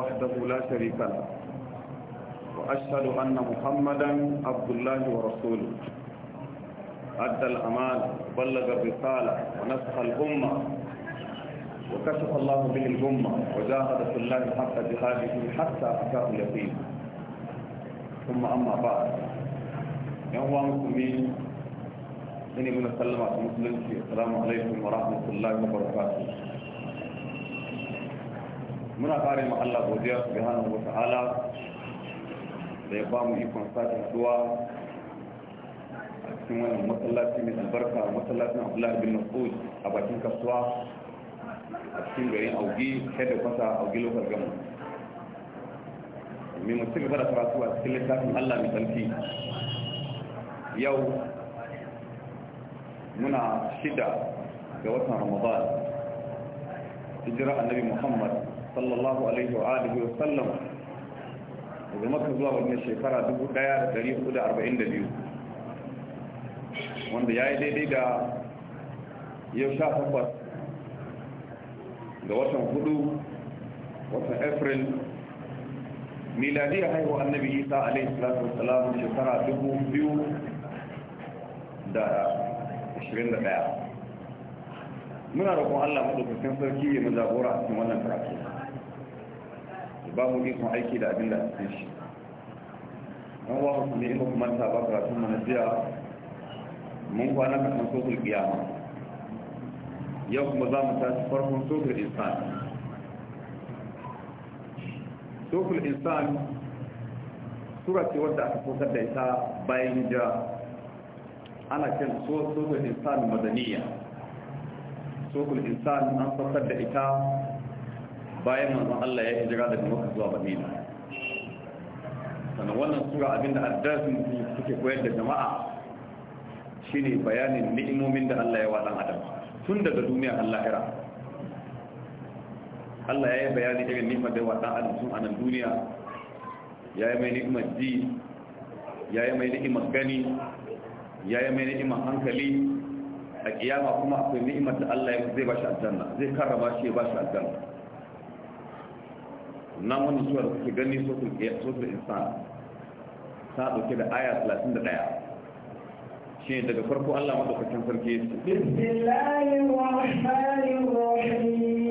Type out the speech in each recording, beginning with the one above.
وحده لا شريك له وأشهد أن محمدا عبد الله ورسوله أدى الأمانة وبلغ الرسالة ونصح الأمة وكشف الله به الأمة وجاهد في الله حق جهاده حتى أتاه اليقين ثم أما بعد يوم مسلمين إني من السلامة المسلمين السلام عليكم ورحمة الله وبركاته muna fara ma Allah godiya subhanahu wa ta'ala da ya ba mu ikon sake haduwa a cikin wannan masallaci mai albarka masallacin Abdullahi bin Mas'ud a bakin kasuwa a cikin garin Augi kada kwata Augi lokal gama mai mu cigaba da karatu a cikin littafin Allah mai tsarki yau muna shida ga watan Ramadan hijira annabi Muhammad sallallahu alaihi wa alihi wa sallam daga maka zuwa wannan shekara 1442 wanda ya yi daidai da yau sha takwas ga watan hudu watan april miladiyar haihuwa annabi isa alaihi salatu wasalam shekara 2021 muna roƙon allah maɗaukakin sarki ya mu jagora a cikin wannan karatu ba mu ikon aiki da abin da a cikin shi an wa ku ne ba kuma ta ba sun mana jiya mun kwana ka kan sosul kiyama yau kuma za mu tashi farkon sokul insan sokul insan sura ce wadda aka fitar da ita bayan jira ana kan sokul insan madaniya sokul insan an fitar da ita bayan manzon Allah ya hijira daga Makka zuwa Madina sannan wannan sura abinda addasin suke koyar da jama'a shine bayanin ni'imomin da Allah ya wa dan adam tun daga duniya har lahira Allah ya yi bayani irin ni'imar da ya wa dan adam tun anan duniya ya yi mai ni'imar ji ya yi mai ni'imar gani ya yi mai ni'imar hankali a kiyama kuma akwai ni'imar da Allah ya zai bashi shi aljanna zai karrama shi ya ba shi aljanna nan wani sura da suke gani sotul insan ta dauke da aya 31 shi daga farko Allah madaukakin sarki bismillahir rahmanir rahim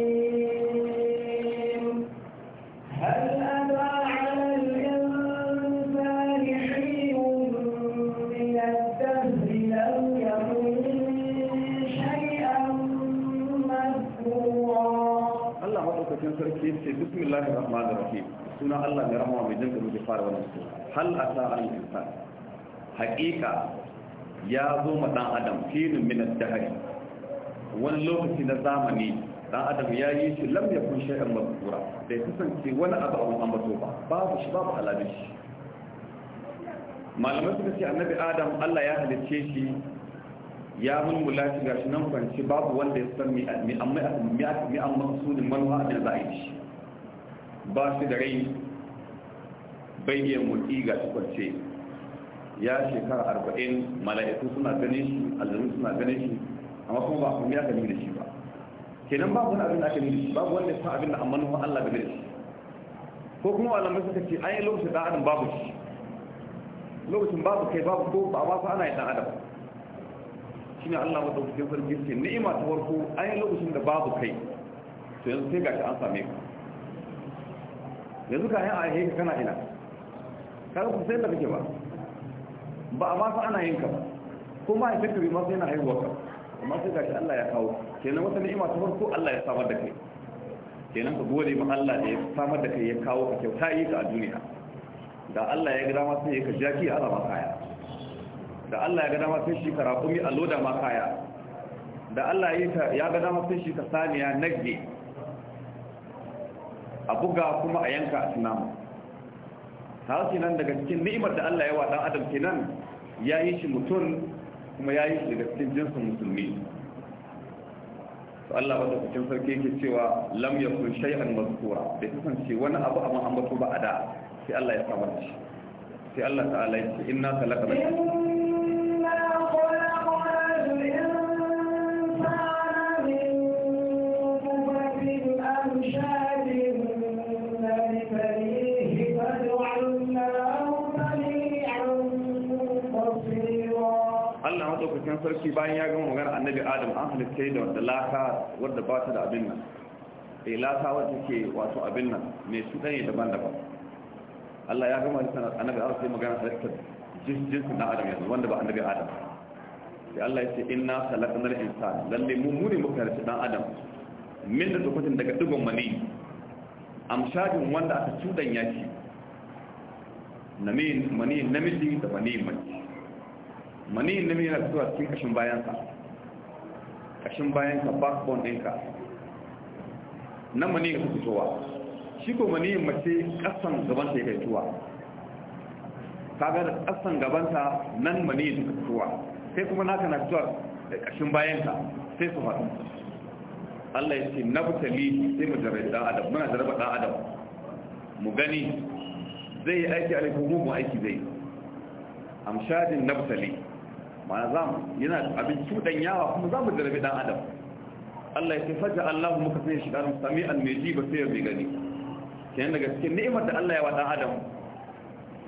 bismillahir rahmanir rahim suna Allah mai rahama mai jinka muke fara wannan sura hal ata al insan haqiqa ya zo ma dan adam filin min ad-dahr wani lokaci na zamani dan adam ya yi shi lam yakun shay'an mazkura da ya kasance wani abu an bato ba babu shi babu alamin shi malamai suka ce annabi adam Allah ya halicce shi ya mulmula shi gashi nan kwanci babu wanda ya san mi amma mi amma sunin manuwa da za a yi ba su da rai bai iya ga tukwace ya shekara arba'in mala'iku suna ganin shi aljanu suna ganin shi amma kuma ba kuma ya gani da shi ba kenan babu wani abin da aka yi shi babu wanda ya abin da amma nufin Allah da shi ko kuma malamai suka ce an yi lokacin dan adam babu shi lokacin babu kai babu ko ba ba ana yi dan adam ne Allah madaukakin sarki ce ni'ima ta farko an yi lokacin da babu kai to yanzu sai shi an same ka yanzu ka yi ahe ka kana ina ka ku sai da kake ba ba a masu ana yin ka ba kuma a shekaru masu yana haihuwa ka amma sai shi Allah ya kawo kenan wata ni'ima ta farko Allah ya samar da kai kenan ka gode ma Allah da ya samar da kai ya kawo ka kyauta yi ka a duniya da Allah ya ga dama sai ka jaki a alama kaya da Allah ya gada dama sai shi ka raƙumi a loda ma kaya da Allah ya gada dama sai shi ka saniya nagge a buga kuma a yanka a tunamu ta su nan daga cikin ni'imar da Allah ya wa dan adam kenan ya yi shi mutum kuma ya yi shi daga cikin jinsin musulmi to Allah wanda cikin sarki yake cewa lam shai an mazkura bai kasance wani abu a an ba a da sai Allah ya samar shi sai Allah ta'ala ya ce inna shi sarki bayan ya gama magana annabi adam an halitta da wadda laka wadda ba ta da abin nan eh laka wadda ke wato abin nan mai su ɗanye daban-daban Allah ya gama halitta annabi adam sai magana halitta jinsin na adam yanzu wanda ba annabi adam sai Allah ya ce in inna khalaqnal insana lalle mu mune muka halitta dan adam min da lokacin daga digon mani amshajin wanda aka cudan yaki namin mani namiji da mani mace ne mai yana fitowa cikin kashin bayansa kashin bayansa backbone ɗinka nan maniyin suke fitowa shi ko maniyin mace ƙasan gabanta ya fitowa kaga da ƙasan gabanta nan ya suke fitowa sai kuma naka na fitowa da kashin bayanka sai su faɗi Allah ya ce na butali sai mu jarabi ɗan adam muna jaraba ɗan adam mu gani zai yi aiki a mu mugun aiki zai amshadin nabtali ma za mu yana abin cuɗan yawa kuma za mu jarabi ɗan adam Allah ya faja Allah muka sai shi ɗan sami almeji ba sai mai gani kenan daga cikin ni'imar da Allah ya wa ɗan adam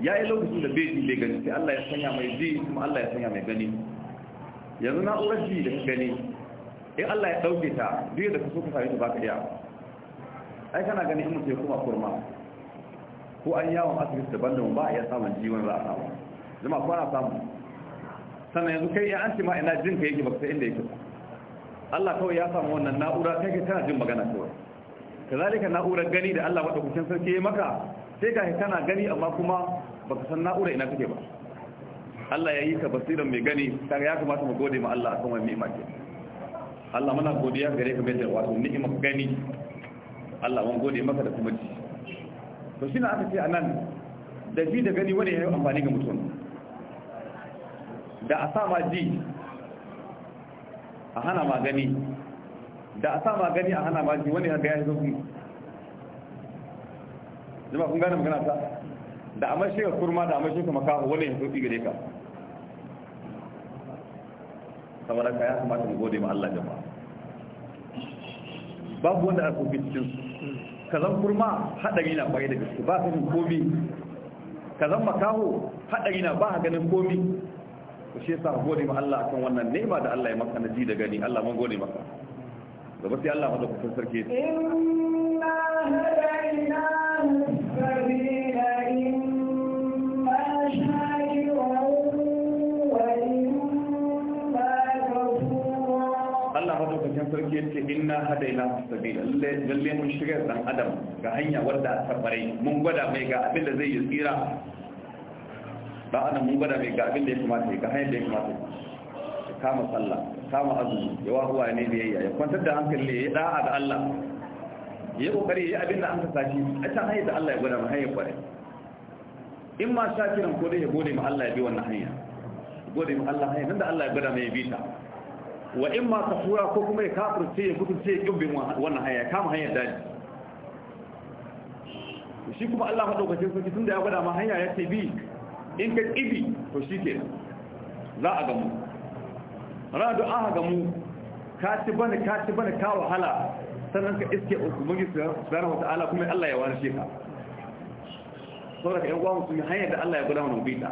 ya yi lokacin da bai ji bai gani sai Allah ya sanya mai ji kuma Allah ya sanya mai gani yanzu na'urar ji da gani in Allah ya ɗauke ta duk da ka so ka sami ta baka iya ai kana ganin kuma mutum ya kurma ko an yawon asibiti daban-daban ba a iya samun jiwon za a samu Zama ko ana samu sannan yanzu kai ya anci ma'ina ina jin ka yake baka inda yake ba Allah kawai ya samu wannan na'ura kai ke kana jin magana kawai kazalika na'urar gani da Allah madaukakin sarki ya maka sai ka kana gani amma kuma baka san na'ura ina kake ba Allah ya yi ka basiran mai gani kaga ya kamata mu gode ma Allah a wannan ni'ima ke Allah muna godiya gare ka bai da wato ni'ima gani Allah mun gode maka da kuma ji to shi na aka ce anan da ji da gani wani ya yi amfani ga mutum da a sama ji a hana magani da a sama gani a hana maji wani haka ya yi zofi jima kun gane magana ta da a mashi kurma da a mashi ka makaho wani ya zofi gare ka saboda ka ya kamata mu gode ma Allah jama'a babu wanda aka kofi cikin kazan kurma hadari na bai da gaske ba ka ganin komi kazan makaho hadari na ba ka ganin komi ku shi yasa gode ma Allah akan wannan ni'ima da Allah ya maka na ji da gani Allah mun gode maka gaba sai Allah madaukakin sarki inna hadaina sabila imma shakirun wa imma kafura Allah madaukakin sarki yace inna hadaina sabila lalle mun shiga dan adam ga hanya wadda ta bare mun gwada mai ga abin da zai yi tsira da mun gwada mai ga abin da ya kamata ga hanyar da ya kamata ya kama sallah ya kama azumi ya huwa ne da yayya ya kwantar da hankali ya da'a da Allah ya kokari ya abin da an kasa shi a can hanyar da Allah ya gwada mu hanyar kwarai in ma shakiran ko dai ya gode ma Allah ya bi wannan hanya gode ma Allah hanya nan da Allah ya gwada mai ta. wa in ma kafura ko kuma ya sai ya sai ya kibbin wannan hanya kama hanyar daji shi kuma Allah madaukakin sarki tun da ya gwada ma hanya ya ce bi in ka ƙibi to shi ke za a gamu radu aka gamu ka ci bane ka ci bane ka wahala sannan ka iske ubangiji subhanahu wata'ala kuma Allah ya warshe ka saboda ka yan uwa yi hanyar da Allah ya gudanar mu bita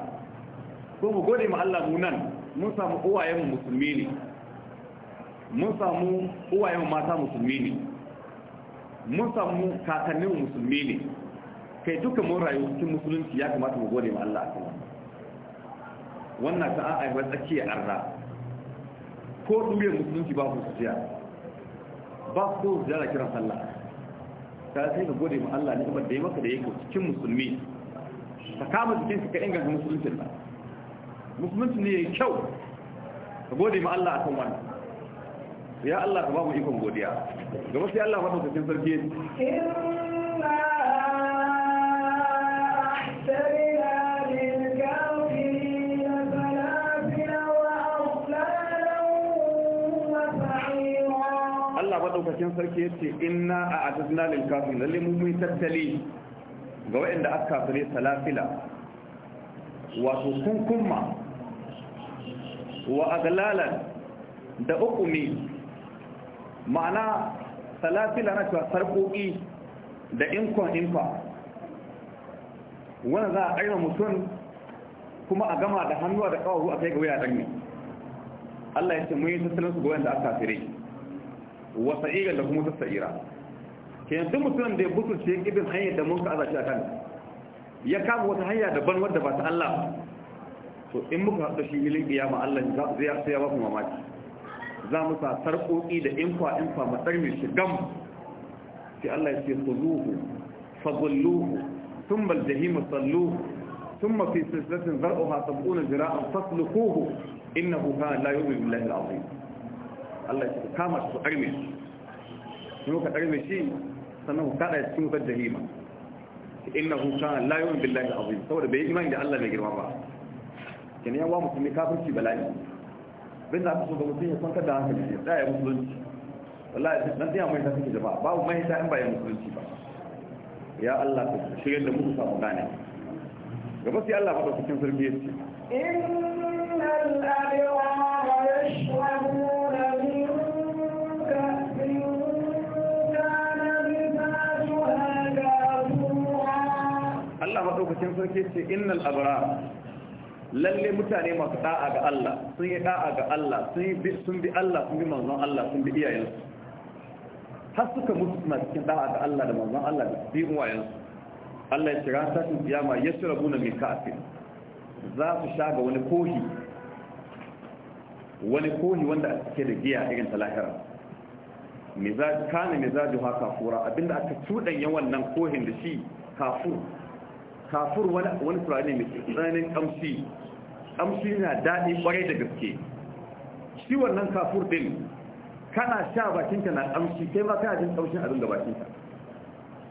ko mu gode ma Allah mu nan mun samu uwayen mu musulmi ne mun samu uwayen mu mata musulmi ne mun samu kakannin musulmi ne kai duka mun rayu cikin musulunci ya kamata mu gode ma Allah akan wannan ta an aiwa tsakiyar arna ko ɗumiyar musulunci ba su jiya ba su jiya da kiran sallah ta sai ka gode ma Allah ne kuma da ya maka da ya cikin musulmi ka kama cikin ka inganta musuluncin ba, musulunci ne ya kyau ka gode ma Allah kan wani ya Allah ka ba mu ikon godiya gaba sai Allah wata cikin sarki inna madaukakin sarki yace inna a'tadna lil kafirin lalle mu mun tattali ga wanda aka kafire salafila wato kunkumma wa aglalan da ne ma'ana salafila na cewa sarkoki da inkon infa wanda za a ƙarfa mutum kuma a gama da hannuwa da ƙawahu a kai ga wuya ɗan ne Allah ya ce mun yi tattalin su ga wanda aka kafirai wa sa'iran da kuma sassa'ira Ke yanzu mutumin da ya butulce ya kibin hanyar da muka ka azaci a kan ya kama wata hanya daban wadda ba ta Allah to in muka haɗa shi ilin kiyama Allah zai ya sai ya ba baku mamaki za mu sa sarƙoƙi da inkwa inkwa matsar mai shigam sai Allah ya ce khuzuhu fadulluhu thumma al-jahima salluhu thumma fi silsilatin zar'uha sab'una zira'an fasluquhu innahu kana la yu'minu billahi al-'azim Allah ya kama shi su arme shi ka arme shi sannan ku kada ya cikin wutar jahima innahu kana la yu'minu billahi azim saboda bai imani da Allah mai girma ba kin yawa musulmi kafirci bala'i bin da so ga mutum ya kwantar da hankali ya tsaya musulunci wallahi dan tsaya mai ta take jama'a babu mai ta in ba ya musulunci ba ya Allah ka shirye da mu samu gane gaba sai Allah ba cikin sarki yace innal abwa yashwa Allah madaukakin sarki ce innal abara lalle mutane masu da'a ga Allah sun yi da'a ga Allah sun yi bi sun bi Allah sun bi manzon Allah sun bi iyayensu har suka mutu suna cikin da'a ga Allah da manzon Allah da bi uwayensu Allah ya kira sakin kiyama yasrabuna min ka'fin za su sha ga wani kohi wani kohi wanda a cike da giya irin ta lahira mizaj kana mizaju haka kafura abinda aka tudan yawan nan kohin da shi kafur kafur wani turare mai tsananin kamshi kamshi na daɗi kwarai da gaske shi wannan kafur ɗin, kana sha bakinka na kamshi kai ma kana jin kamshin abin da bakinka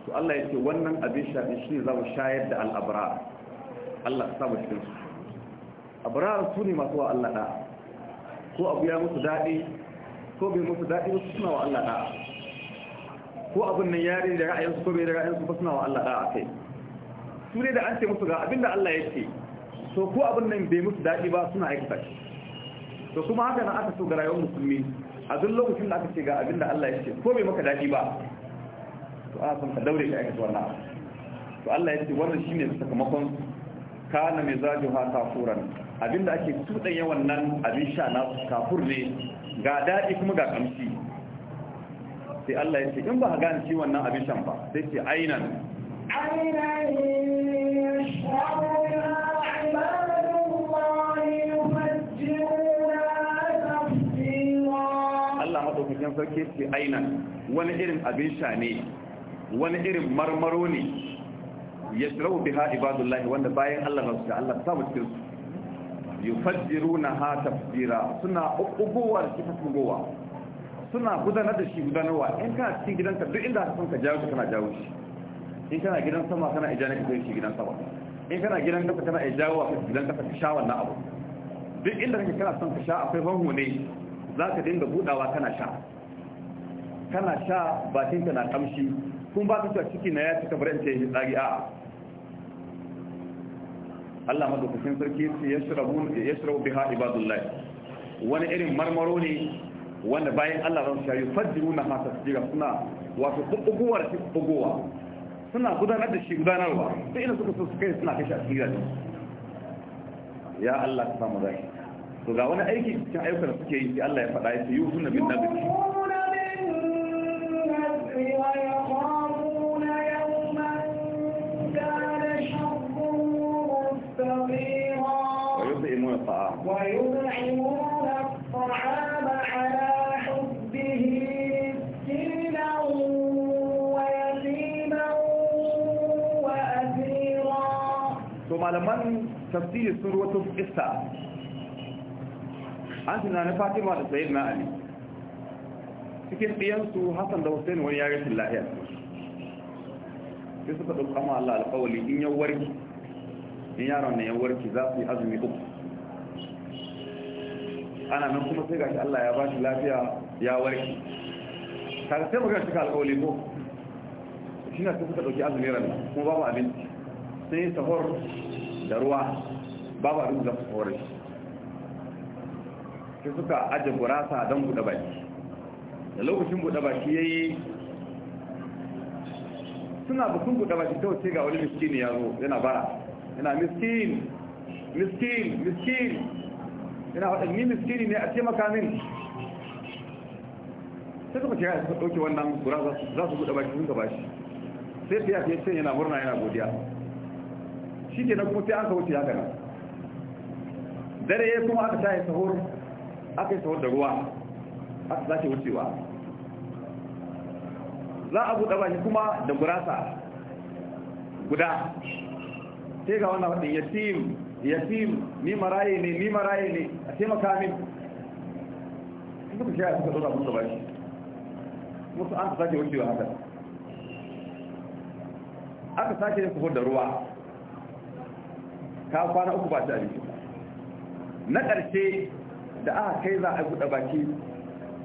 to Allah ya ce wannan abin sha din shi za mu shayar da al'abrar Allah ka samu cikin su abrar su ne masu wa Allah da ko abu ya musu daɗi ko bai musu daɗi wasu suna wa Allah da ko abin nan yare da ra'ayinsu ko bai da ra'ayinsu ba suna wa Allah da a kai su ne da an ce musu ga abinda Allah ya ce so ko abin nan bai musu daɗi ba suna aikata shi to kuma haka na aka so ga rayuwar musulmi a duk lokacin da aka ce ga abinda Allah ya ce ko bai maka daɗi ba to ana son ka daure ka aikata wannan abu to Allah ya ce wannan shine sakamakon kana ha kafuran abinda ake tudanya wannan abin sha na kafur ne ga daɗi kuma ga kamshi sai Allah ya ce in ba ka gane shi wannan abin shan ba sai ce ainan Allah cikin sarki ce aina wani irin abin sha ne wani irin marmaro ne ya shirahu biha ibadullahi wanda bayan Allah na suka Allah samu cikin su yufajjiruna ha tafsira suna ubuwa da cikin tugowa suna gudanar da shi gudanarwa in kana cikin gidanka duk inda ka san ka jawo shi kana jawo shi in kana gidan sama kana ija ne ka shi gidan sama in kana gidan kafa kana ija wa kai gidan kafa ka sha wannan abu duk inda kake kana son ka sha akwai banhu ne zaka dinga budawa kana sha kana sha bakin ka na kamshi kun ba ka ciki na ya cika barin ce tsari a Allah madaukakin sarki su ya shirabu biha ibadullahi wani irin marmaro ne wanda bayan Allah zan shayi fajjiru na hasa suna wato buguwar buguwa suna gudanar da shi gudanarwa sai ina suka suka kai suna kashi a cikin gidaje ya Allah ka samu zai to ga wani aiki cikin ayyukan da suke yi sai Allah ya faɗa ya ce yusu na bin nabi تفسير سورة إساء عندنا نفاتي ما تسعيد ما أمي فكي قيمتو حسن دوسين ونياغة الله يأتي يصفت القمى الله لقولي إن يوارك إن يارا أن يوارك ذاتي أزمي أب أنا من كما سيقاش الله يباش الله فيها يا وارك تعالى سيبا كما سيقال قولي بو شنا سيقاش أزمي رمي مبابا أبنتي سيستفر da ruwa babu abin da su hore shi suka aje gurasa don buɗe baki da lokacin buɗe baki ya yi suna bukun buɗe baki ta wace ga wani miskini ya zo yana bara yana miskin miskin miskin yana waɗanni miskini ne a ce makamin sai suka kira suka ɗauke wannan gurasa za su buɗe baki sun gaba shi sai fiye fiye yana murna yana godiya shi ne na kuma sai an ka wuce haka nan dare ya kuma aka ya sahur aka yi sahur da ruwa aka shi wucewa za a buɗe bashi kuma da gurasa guda sai ga wannan tim ya tim ni maraye ne ni maraye ne a taimaka min suka shaya suka ɗora musu bashi musu an shi wucewa haka aka sake yin kufur da ruwa ka kwana uku ba ta abinci na ƙarshe da aka kai za a buɗe baki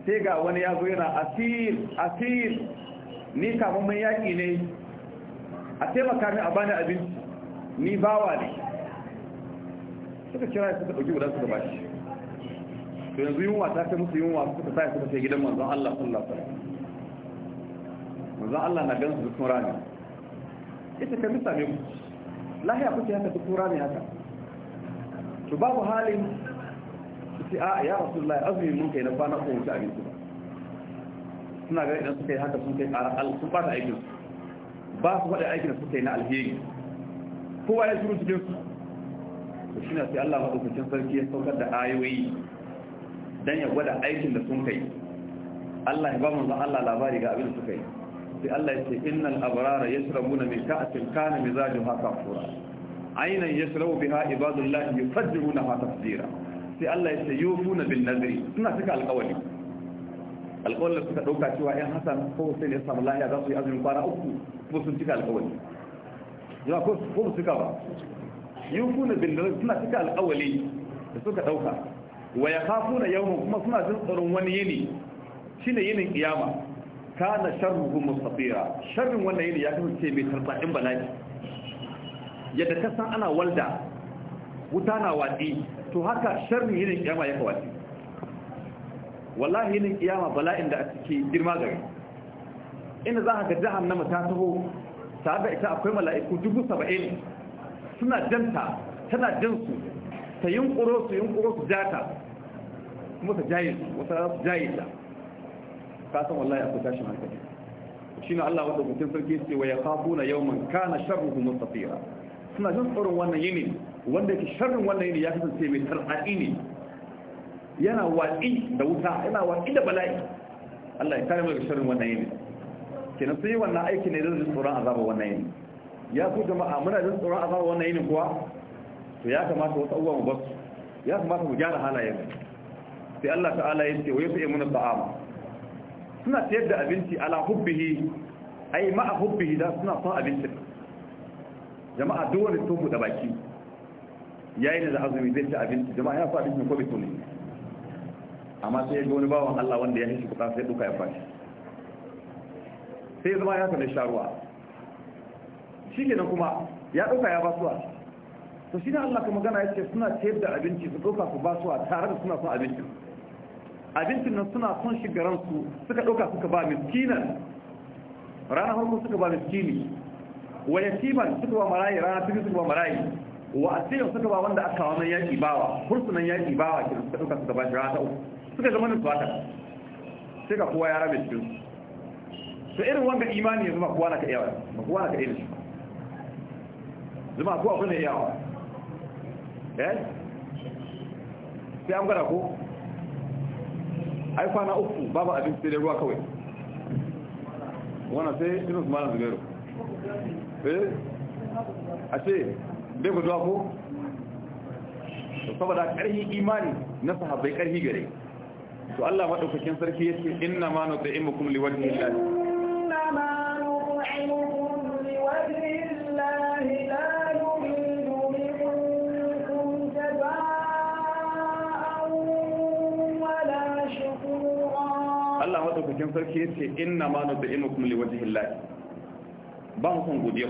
sai ga wani ya zo yana asir asir ni mai yaƙi ne a taimaka min a bani abinci ni bawa ne suka kira suka ɗauki wadansu da baki. to yanzu yunwa ta kai musu yunwa suka sa suka ce gidan manzon Allah sallallahu alaihi wasallam manzon Allah na gansu su sun rani ita ka misa ne lahiya kuke haka duk tura ne haka to babu halin sai a ya rasulullahi azumi mun kai na kwana ko wuce abinci ba suna ga idan suka yi haka sun kai ƙara al sun bata aikin ba su faɗi aikin da suka yi na alheri kowa ya shiru cikin su to shi sai Allah maɗaukacin sarki ya saukar da ayoyi don ya gwada aikin da sun kai Allah ya ba mu zan Allah labari ga abin da suka yi sai Allah ya ce innal abrara yashrabuna min ka'sin kana mizajuha kafura aynan yashrabu biha ibadullahi yufajjiruna tafjira sai Allah ya ce yufuna bin nadri suna cika alƙawari alƙawarin suka dauka cewa ɗan Hassan ko Hussein ya samu lahiya za su yi azumin kwana uku ko sun cika alƙawari ya ko ko cika ba yufuna bin nadri suna cika alƙawari da suka dauka wa yakhafuna yawman kuma suna jin tsoron wani yini shine yinin kiyama kana sharruhu mustafira sharrin wannan yini ya kasance mai tarbaɗin bala'i yadda ka san ana walda wuta na wadi to haka sharrin yin kiyama ya watsi wallahi yin kiyama bala'in da a ciki girma gari inda za ka ga jahannama ta taho tare da ita akwai mala'iku dubu saba'in suna janta tana jansu ta yunkuro su yunkuro su jata kuma ta jaye su wata jaye ta ka san wallahi akwai tashin hankali shine Allah wanda mutum sarki ce wa yaqabuna yawman kana sharruhu mustatira suna jin tsoron wannan yini wanda yake sharrin wannan yini ya kasance mai tarhadi ne yana watsi da wuta yana watsi da bala'i Allah ya kare mu daga sharrin wannan yini kenan sai wannan aiki ne da jin tsoron azaba wannan yini ya ku jama'a muna jin tsoron azaba wannan yini kuwa to ya kamata wasu abubuwa mu basu ya kamata mu gyara halayen sai Allah ta'ala ya ce wa yafi muna ta'ama suna siyar da abinci ala hubbihi ai ma'a hubbihi da suna son abincin jama'a dole to sun buɗe baki yayi da azumi zai ci abinci jama'a yana son abinci ko bai tuni amma sai ga wani bawan Allah wanda ya shi bukata sai duka ya fashi sai zama ya kana sharuwa shi kenan kuma ya ɗauka ya basuwa to shi ne Allah ka magana ya ce suna ciyar da abinci su ɗauka su basuwa tare da suna son abincin abincin nan suna son shigaransu suka ɗauka suka ba miskinan ranar harkar suka ba miskini wa yatiman suka ba marayi ranar tafi suka ba marayi wa asirin suka ba wanda aka wannan yaƙi bawa hursunan yaƙi bawa ke suka ɗauka suka ba shi rana ta uku suka zama nan suwata sai ka kowa ya rabe cikin su irin wanga imani ya ba kowa na ka iya ba kowa na ka iya shi zama kowa kuna iya wa eh sai an gwada ko ai kwana uku babu abinci sai dai ruwa kawai wannan sai irin su malam zubairu eh a ce bai zuwa ko saboda ƙarfi imani na sahabbai ƙarfi gare to Allah madaukakin sarki yace inna ma nutaimukum liwajhi Allah Allah madaukakin sarki ce inna ma nud'imukum liwajhillahi ba mu kun godiya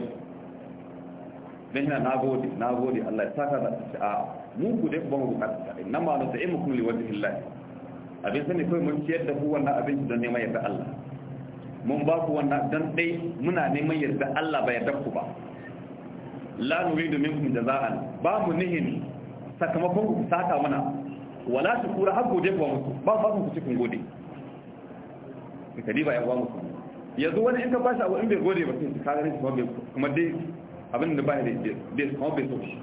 dan ina nagode nagode Allah ya saka da a mu gode ba mu bukata ta inna ma nud'imukum liwajhillahi abin sani kai mun ciyar da ku wannan abin da neman yarda Allah mun ba ku wannan dan dai muna neman yarda Allah ba yarda ku ba la nuridu minkum jaza'an ba mu nihin sakamakon ku saka mana wala tukura hakku gode ku ba mu ba ku kun gode ya uwa yanzu wani in ka bashi abu in bai gode ba sai ka gani kuma bai kuma dai abin da bai da bai kuma bai so shi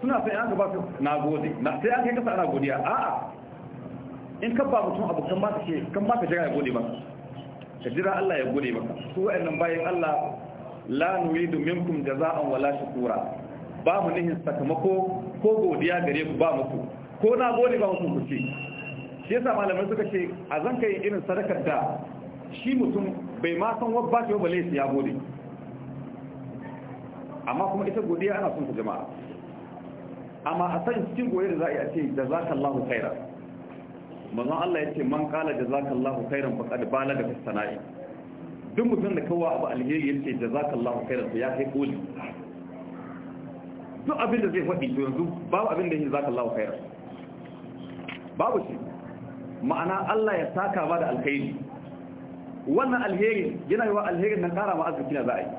suna sai an ka ba su na gode na sai an kai kasa ana godiya a'a in ka ba mutum abu kan ba ka ce kan ba ka jira ya gode maka ka jira Allah ya gode maka su wa'annan bayan Allah la nuridu minkum jaza'an wala shukura ba mu nihin sakamako ko godiya gare ku ba muku ko na gode ba mu ku ce shi yasa malamai suka ce a zan kai irin sadakar da shi mutum bai ma san wabba ce ba laifi ya gode amma kuma ita godiya ana son su jama'a amma a san cikin goye da za a yi a ce lahu kaira, mazan Allah ya ce man kala da za qala jazakallahu khairan faqad balaga fi sana'i duk mutum da kawo abu alheri ya ce da za jazakallahu khairan ya kai koli duk abin da zai faɗi to yanzu babu abin da yake lahu kairar babu shi ma'ana Allah ya saka ma da alkhairi wannan alheri yana yi wa alherin nan ƙara ma arziki na za'a yi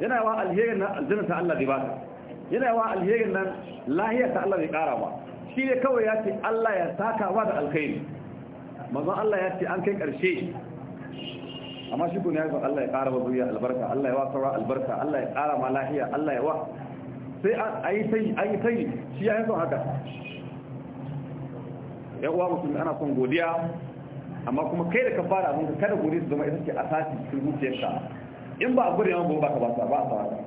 yana yi wa alherin nan aljanna ta Allah zai baka yana yi wa alherin nan lahiya ta Allah zai ƙara ma shi ne kawai ya ce Allah ya saka ma da alkhairi manzon Allah ya ce an kai ƙarshe amma shi kun ya ga Allah ya ƙara ma zuriya albarka Allah ya wa saura albarka Allah ya ƙara ma lahiya Allah ya wa sai a yi sai shi ya yi haka yan uwa musulmi ana son godiya amma kuma kai da ka fara abin ka kada godiya su zama ita ce a asasi cikin zuciyarka in ba a gudu yawan ba ka ba ba a fara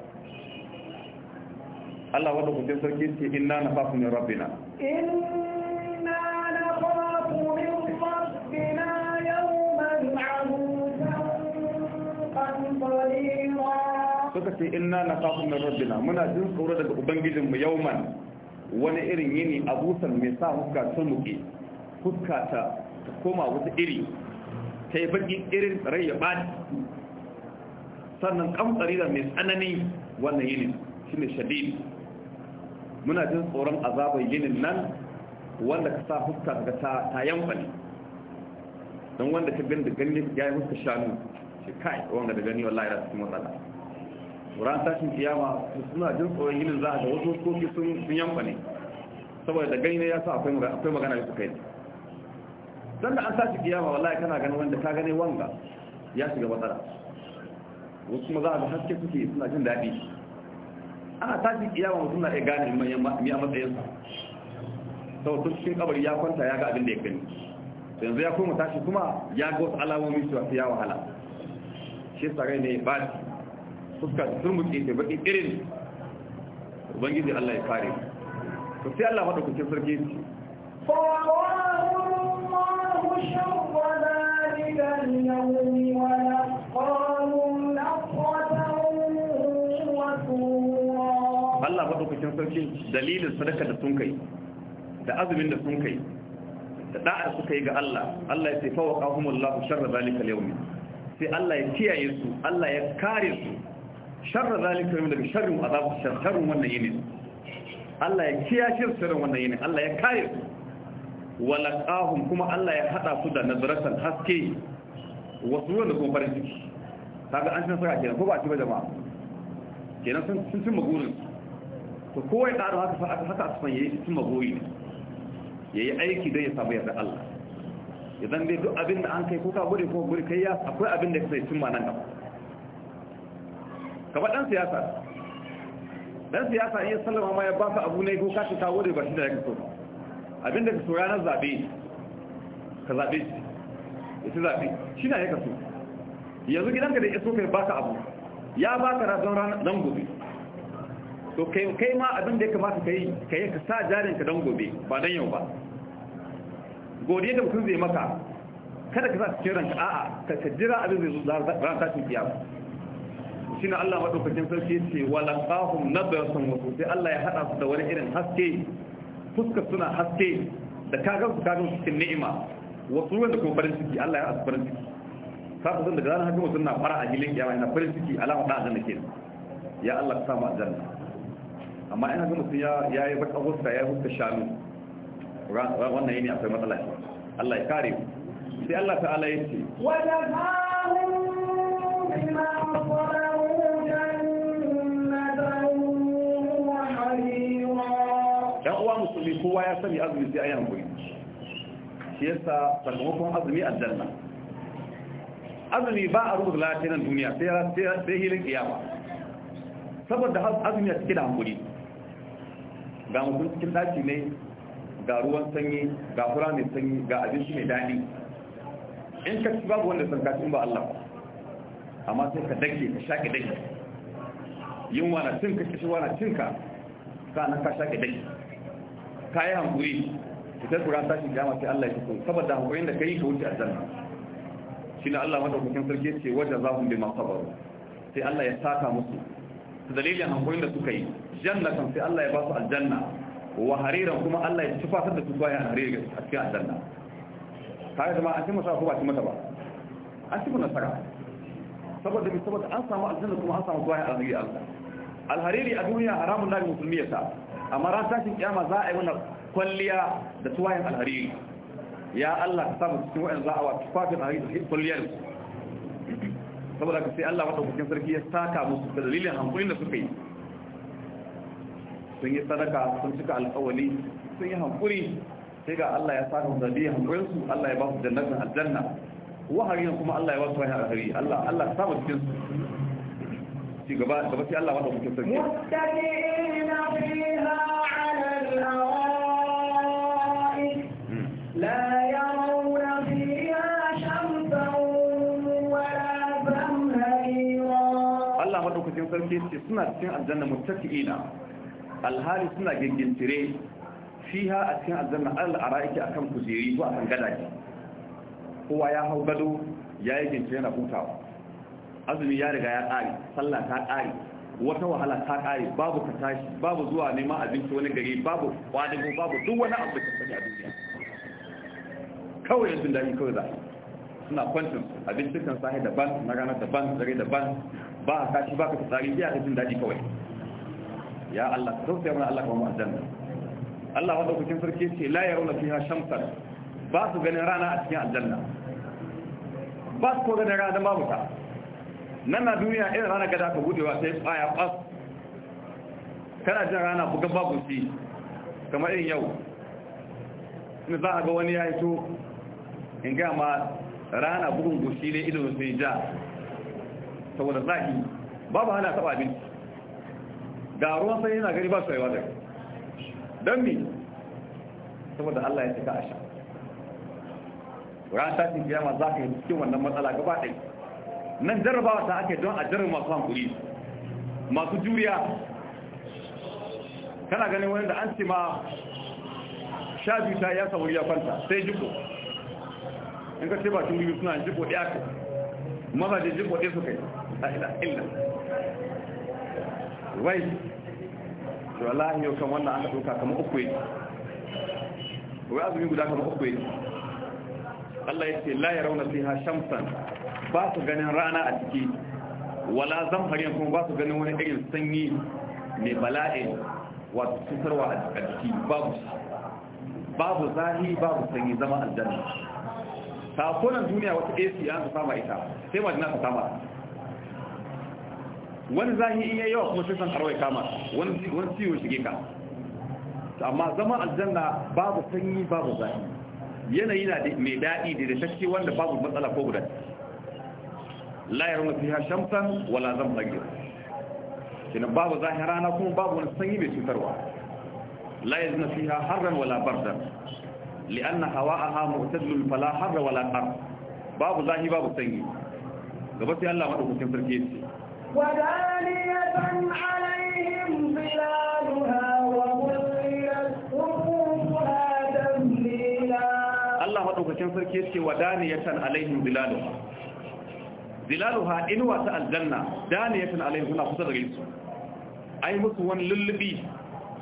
Allah wadda ku jin sarki ce inna na fafu min rabbina inna na fafu min rabbina yawman abusan suka ce inna na fafu min rabbina muna jin tsoro daga ubangijinmu yawman wani irin yini abusan mai sa huska sun muke fuskata ta koma wata iri ta yi baƙin irin rai ya ɓani sannan kamtsari da mai tsanani wannan yinin shi ne shadid muna jin tsoron azabar yinin nan wanda ka sa fuska daga ta yamfani don wanda ka gani da gani ya yi fuska shanu shi kai wanda da gani wallahi da cikin matsala ran tashin kiyama suna jin tsoron yinin za a da wasu kofi sun yamfani saboda da gani ya sa akwai magana da su kai don da an tashi kiyama wallahi kana ganin wanda ka gane wanga ya shiga matsala wasu kuma za a ga haske suke suna jin daɗi ana tashi kiyama mutum na iya gane mai a matsayinsa sau sun cikin kabari ya kwanta ya ga abin da ya gani yanzu ya koma tashi kuma ya ga wasu alamomi wasu ya wahala shi sa ne ba bati fuska da turmuke ke baki irin ubangiji Allah ya kare to sai Allah madaukakin sarki ce شر ذلك اليوم ولقاهم نصرة وسرورا الله مدوكين سوكي دليل الصدقة لسنكي da azumin da sun kai da ɗa'ar suka yi ga Allah Allah ya tafa wa kahumullahu sharra zalika al-yawm sai Allah ya kiyaye su Allah ya kare su sharra zalika al-yawm daga sharrin azabu sharrin wannan yini Allah ya kiyaye su sharrin wannan yini Allah ya kare su walaqahum kuma Allah ya hada su da nazaratan haske wasu wanda kuma farin ciki kaga an san saka kenan ko ba ci ba jama'a kenan sun sun cin magurin to kowa ya karo haka haka a san yayi cin ya yayi aiki dai ya samu yarda Allah idan dai duk abin da an kai ko ka gure ko gure kai ya akwai abin da kai cin ma nan gaba kamar dan siyasa dan siyasa in ya sallama ma ya ba ka abu ne ko ka ta gure ba shi da yake so ba abinda ka so ranar zaɓe ka zaɓe shi ya ci zaɓe shi na ya kaso yanzu gidanka da ya so kai baka abu ya baka razon ranar don gobe to kai ma abinda ya kamata ka yi ka yi ka sa jarinka don gobe ba don yau ba godiya da mutum zai maka kada ka sa cikin ranka a'a ka ka jira abin zai zo ran tashin Shi na Allah madaukakin sarki yace walaqahum nabyatan wasu sai Allah ya hada su da wani irin haske fuskar suna haske da kagan su kagan cikin ni'ima wasu ruwan da kuma farin ciki Allah ya asu farin ciki ka san daga ranar haka mutum na fara a gilin kiyama yana farin ciki alama da aljanna ke ya Allah ka samu aljanna amma ina ga mutum ya yi baka huska ya huska shanu wannan yini akwai matsala Allah ya kare sai Allah ta'ala ya ce wa jazahum bima kowa ya sani azumi sai ayi hankali shi yasa sakamakon azumi aljanna azumi ba a rubuta lafiya nan duniya sai hilin kiyama saboda azumi a cikin da hankali ga mutum cikin daki ne ga ruwan sanyi ga fura mai sanyi ga abinci mai daɗi in ka ci babu wanda san kaci in ba Allah amma sai ka dake ka shaƙi dake yin na cinka shi na cinka sa'an ka shaƙi dake ka yi hankuri fitar kura ta shi kiyama sai Allah ya fito saboda hankurin da kai ka wuce a aljanna shi ne Allah madaukakin sarki ce wajen za mu bi ma sabaru sai Allah ya saka musu su dalilin hankurin da suka yi jannatan sai Allah ya ba su aljanna wa hariran kuma Allah ya tufatar da su bayan hariran a cikin aljanna kare da ma an cimma ko ba cimma ta ba an cimma nasara saboda bi saboda an samu aljanna kuma an samu bayan alhariri Allah alhariri a duniya haramun da musulmi ya sa amma ran tashin kiyama za a yi mana kwalliya da tuwayen alhariri ya Allah ka samu cikin wayan za a wa tufafin alhariri da kwalliyar saboda ka sai Allah maɗaukakin sarki ya saka musu da dalilin hankulin da suka yi sun yi sadaka sun cika alkawali sun yi hankuri sai ga Allah ya saka musu dalilin hankulin su Allah ya ba su jannatin aljanna waharin kuma Allah ya ba su wahayin alhariri Allah Allah ka samu cikin su ci gaba gaba sai Allah wanda mutum sarki muttaqina fiha 'ala al-ara'ik hmm. la yarawna fiha shamsan wala zamharira Allah madaukakin sarki ce suna cikin aljanna muttaqina alhali suna gingintire fiha a cikin aljanna al-ara'ik akan kujeri ko akan gadaje kowa ya hau gado ya yi gintire na hutawa azumi ya riga ya ƙari sallah ta ƙari wata wahala ta ƙari babu ka tashi babu zuwa nema abinci wani gari babu kwadago babu duk wani abu da ka sani a duniya kawai yanzu da kawai za suna kwantin abincin kan sahi daban na rana daban dare daban ba a kashi ba ka tsari iya ta jin daɗi kawai ya Allah ka tausaya mana Allah kamar da? Allah wanda kucin sarki ce la yarawna fiye shamsar ba su ganin rana a cikin aljanna ba su ko ganin rana babu ta nan na duniya irin rana gada ka gudewa sai tsaya ƙas kana jin rana buga babu ci kamar yin yau ina za a ga wani ya yi to in ga ma rana bugun gushi ne idon sai ja saboda zaki babu hana taɓa abinci ga ruwan sai yana gari ba su yawa da don mi saboda Allah ya cika a sha ran tashin kiyama za ka yi cikin wannan matsala gaba ɗaya nan jarrabawa ta ake don a jarraba masu hankuri masu juriya kana ganin wani da an ce ma sha biyu ta ya samu ya kwanta sai jiko in ka ce ba tun biyu suna jiko ɗaya ka maza da jiko ɗaya su kai a ila illa wai shi wallahi yau kan wannan aka ɗauka kama uku yake wai azumi guda kama uku yake Allah ya ce la ya rauna fiha shamsan ba su ganin rana a ciki wala zan zamharin kuma ba su ganin wani irin sanyi mai bala'i wato cutarwa a ciki. babu babu zahi babu sanyi zama aljanna sakonan duniya wata ac an ta sama ita sai majina ta sama wani zahi in yayi yawa kuma sai san karwai kama wani wani ciwo shige ka amma zama aljanna babu sanyi babu zahi yanayi na mai daɗi da da shakki wanda babu matsala ko guda la yarawna fiha shamsan wala zan zamharir kina babu zahirana kuma babu wani sanyi mai cutarwa la yazna fiha harran wala bardan li'anna hawa'aha mu'tadlun fala harra wala qar babu zahi babu sanyi gaba sai Allah madaukakin sarki yace wadaniyatan alaihim zilaluha wa qulliyat qutuha tamlila Allah madaukakin sarki yace wadaniyatan alaihim zilaluha zilaluha inuwa wasa aljanna daniyatun alayhi suna kusa da gaisu ai musu wani lullubi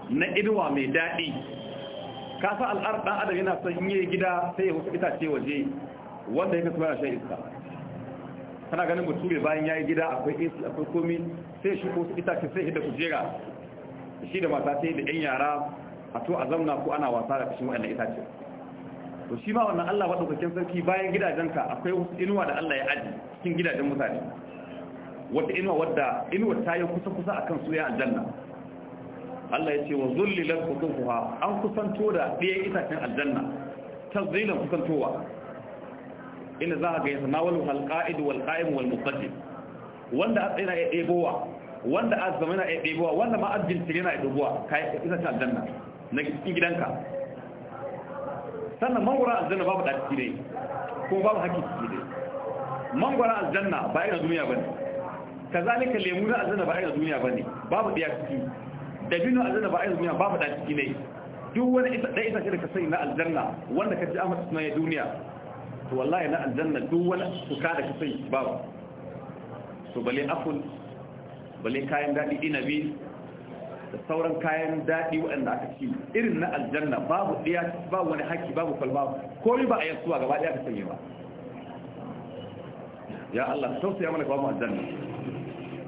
na inuwa mai daɗi ka sa al'ar yana son yi gida sai ya wasu itace waje wanda yake kuma shi iska kana ganin mutum bayan yayi gida akwai isa akwai komi sai shi ko itace sai hidda kujera shi da mata sai da yan yara a to a zauna ko ana wasa da kashin waɗannan itace to shi ma wannan Allah madaukakin sarki bayan gidajenka akwai wasu inuwa da Allah ya aji cikin gidajen mutane wata inuwa wadda inuwa ta yi kusa kusa akan su ya aljanna Allah ya ce wa zullilat qutuha an kusanto da ɗaya itacen aljanna tazzilan kusantowa inda za a ga yasa nawalu alqa'id wal qa'im wal muqaddim wanda a tsira ya ɗebowa wanda a zamana ya ɗebowa wanda ma ajin tire na ya ɗebowa kai itacen aljanna na cikin gidanka sannan mangwara aljanna babu ɗaki ne kuma babu haƙi ciki ne mangwara aljanna ba yana duniya ba ne kazalika lemu na aljanna ba yana duniya ba ne babu ɗaya ciki dabino aljanna ba yana duniya babu ɗaki ciki ne duk wani isa ɗaya isa ce da ka sani na aljanna wanda ka ji a suna sunaye duniya to wallahi na aljanna duk wani kuka da ka sani babu to bale apple bale kayan daɗi inabi da sauran kayan daɗi waɗanda aka ci irin na aljanna babu ɗiya babu wani haki babu kwalba ko yi ba a yansuwa gaba ɗaya ka sanye ba ya Allah tausaya mana ba mu aljanna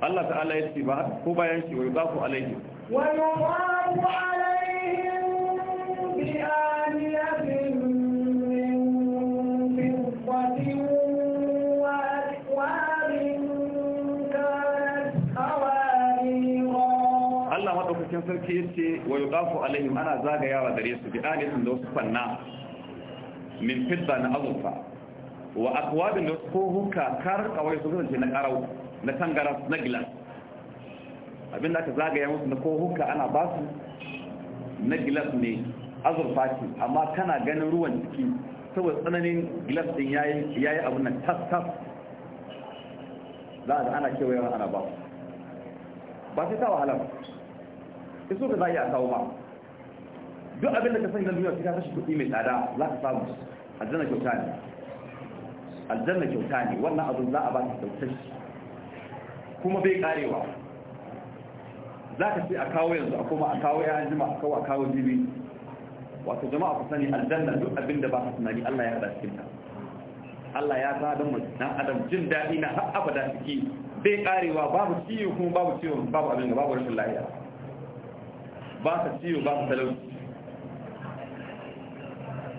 Allah ta'ala ya ce ba ko bayan shi wa yudafu alaihim wa yudafu alaihim bi'a madaukakin sarki yace wa yuqafu alaihim ana zagayawa gare su bi alisin da wasu fanna min fidda na azurfa wa akwabin da ko huka kar kawai su kasance na karau na tangara na gilas abinda aka zagaya musu na huka ana ba su na gilas ne azurfa ce amma kana ganin ruwan ciki saboda tsananin gilas din yayi yayi abun nan tas tas za ana kewaye ana ba ba sai ta wahala ba Ka so ka za a kawo ba. duk abin da ka sani na duniya sai ka kashe kuɗi mai tsada za ka samu aljanna kyauta ne aljanna kyauta ne wannan abin za a ba ka kyautar shi kuma bai karewa za ka ce a kawo yanzu a koma a kawo ya jima a kawo a kawo jibi Wata jama'a ku sani aljanna duk abin da ba ka tunani Allah ya hada cikin ta Allah ya sa don dan adam jin daɗi na har abada ciki bai karewa babu ciwo kuma babu ciwo babu abin da babu rashin lafiya ba ta ciwo ba ta talauci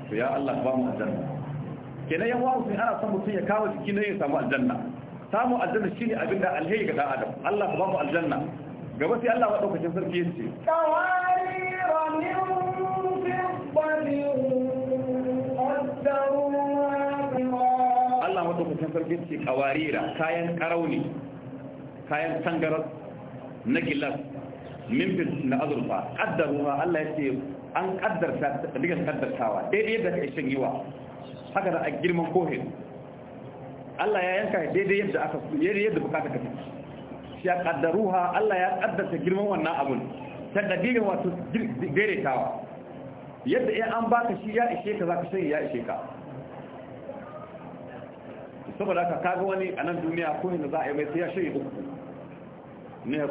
to ya Allah ba mu aljanna kenan yan wasu ana son mutum ya kawo jiki ne ya samu aljanna samu aljanna shine abin da alheri ga dan adam Allah ba mu aljanna gaba sai Allah madaukakin sarki yace tawariru min Allah madaukakin sarki yace kawarira kayan karauni kayan tangaras na gilas min fil na azurfa qaddaruha Allah yace an kaddarta ta diga kaddartawa daidai yadda kai shan yiwa haka da a girman kohin Allah ya yanka daidai yadda aka yadda yadda bukata ka shi ya qaddaruha Allah ya kaddarta girman wannan abun ta dadiga wato daidaitawa yadda in an baka shi ya ishe ka zaka shan ya ishe ka saboda ka kaga wani a nan duniya kohin da za a yi mai sai ya shirya uku ne ya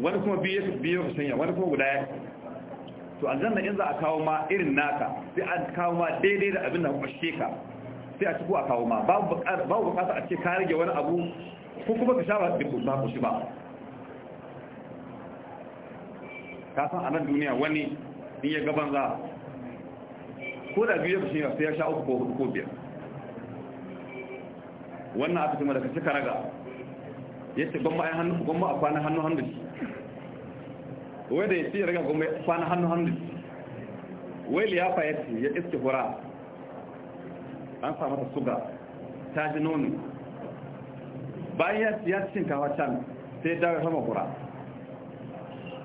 wani kuma biyu biyu ka sanya wani kuma guda to a zanna in za a kawo ma irin naka sai a kawo ma daidai da abin da kuma sheka sai a ciko a kawo ma babu bukata a ce ka rage wani abu ko kuma ka sha ba da ba ku shi ba ka san a nan duniya wani in ya gaban za ko da biyu ya fi sai ya sha uku ko biyar wannan a cima da ka cika raga ya gomba gwamma a hannu a kwana hannu hannu shi wai da ya ce raga gomba a kwana hannu hannu shi wai liyafa ya ce ya iske hura an sa mata suga ta ji nono bayan ya ci shinkawa can sai dawo sama hura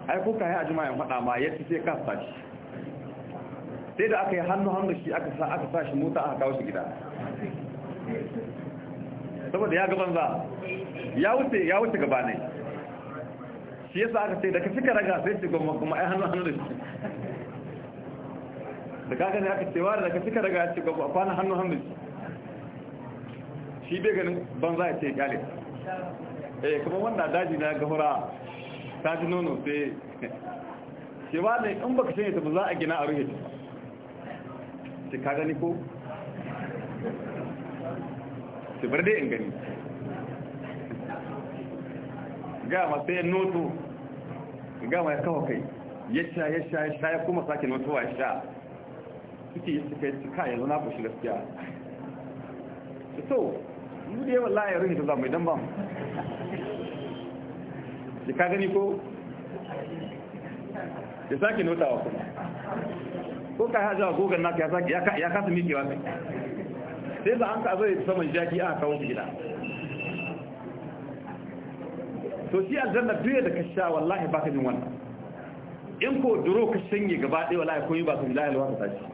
ai kuka ya ajima ya faɗa ma ya ci sai ka sa shi sai da aka yi hannu hannu shi aka sa aka sa shi mota aka kawo shi gida saboda ya gaban za ya wuce ya wuce gaba ne shi yasa aka ce da ka cika raga sai shi goma kuma ai hannu hannu da shi da kaka ne aka ce wa da ka cika raga shi goma kwana hannu hannu da shi shi bai ganin ban za a ce kyale eh kuma wanda daji na gahura ta ji nono sai shi ba ne in baka shanye ta ba za a gina a ruhe ta ce ka gani ko? ce bar dai in gani gama sai noto gama ya kawo kai ya sha ya sha ya sha ya kuma sake noto ya sha suke yi suka yi cika yanzu na fushi gaskiya su so mu da yawan layar rikin zama idan ba shi ka gani ko ya sake notawa kuma ko ka haja wa gogon naka ya kasa mikewa sai za an ka zai saman jaki a kawo gida to shi aljanna duye da kasha wallahi ba ka jin wannan in ko duro ka shanye gaba ɗaya wallahi yi ba sun ji lalwa tashi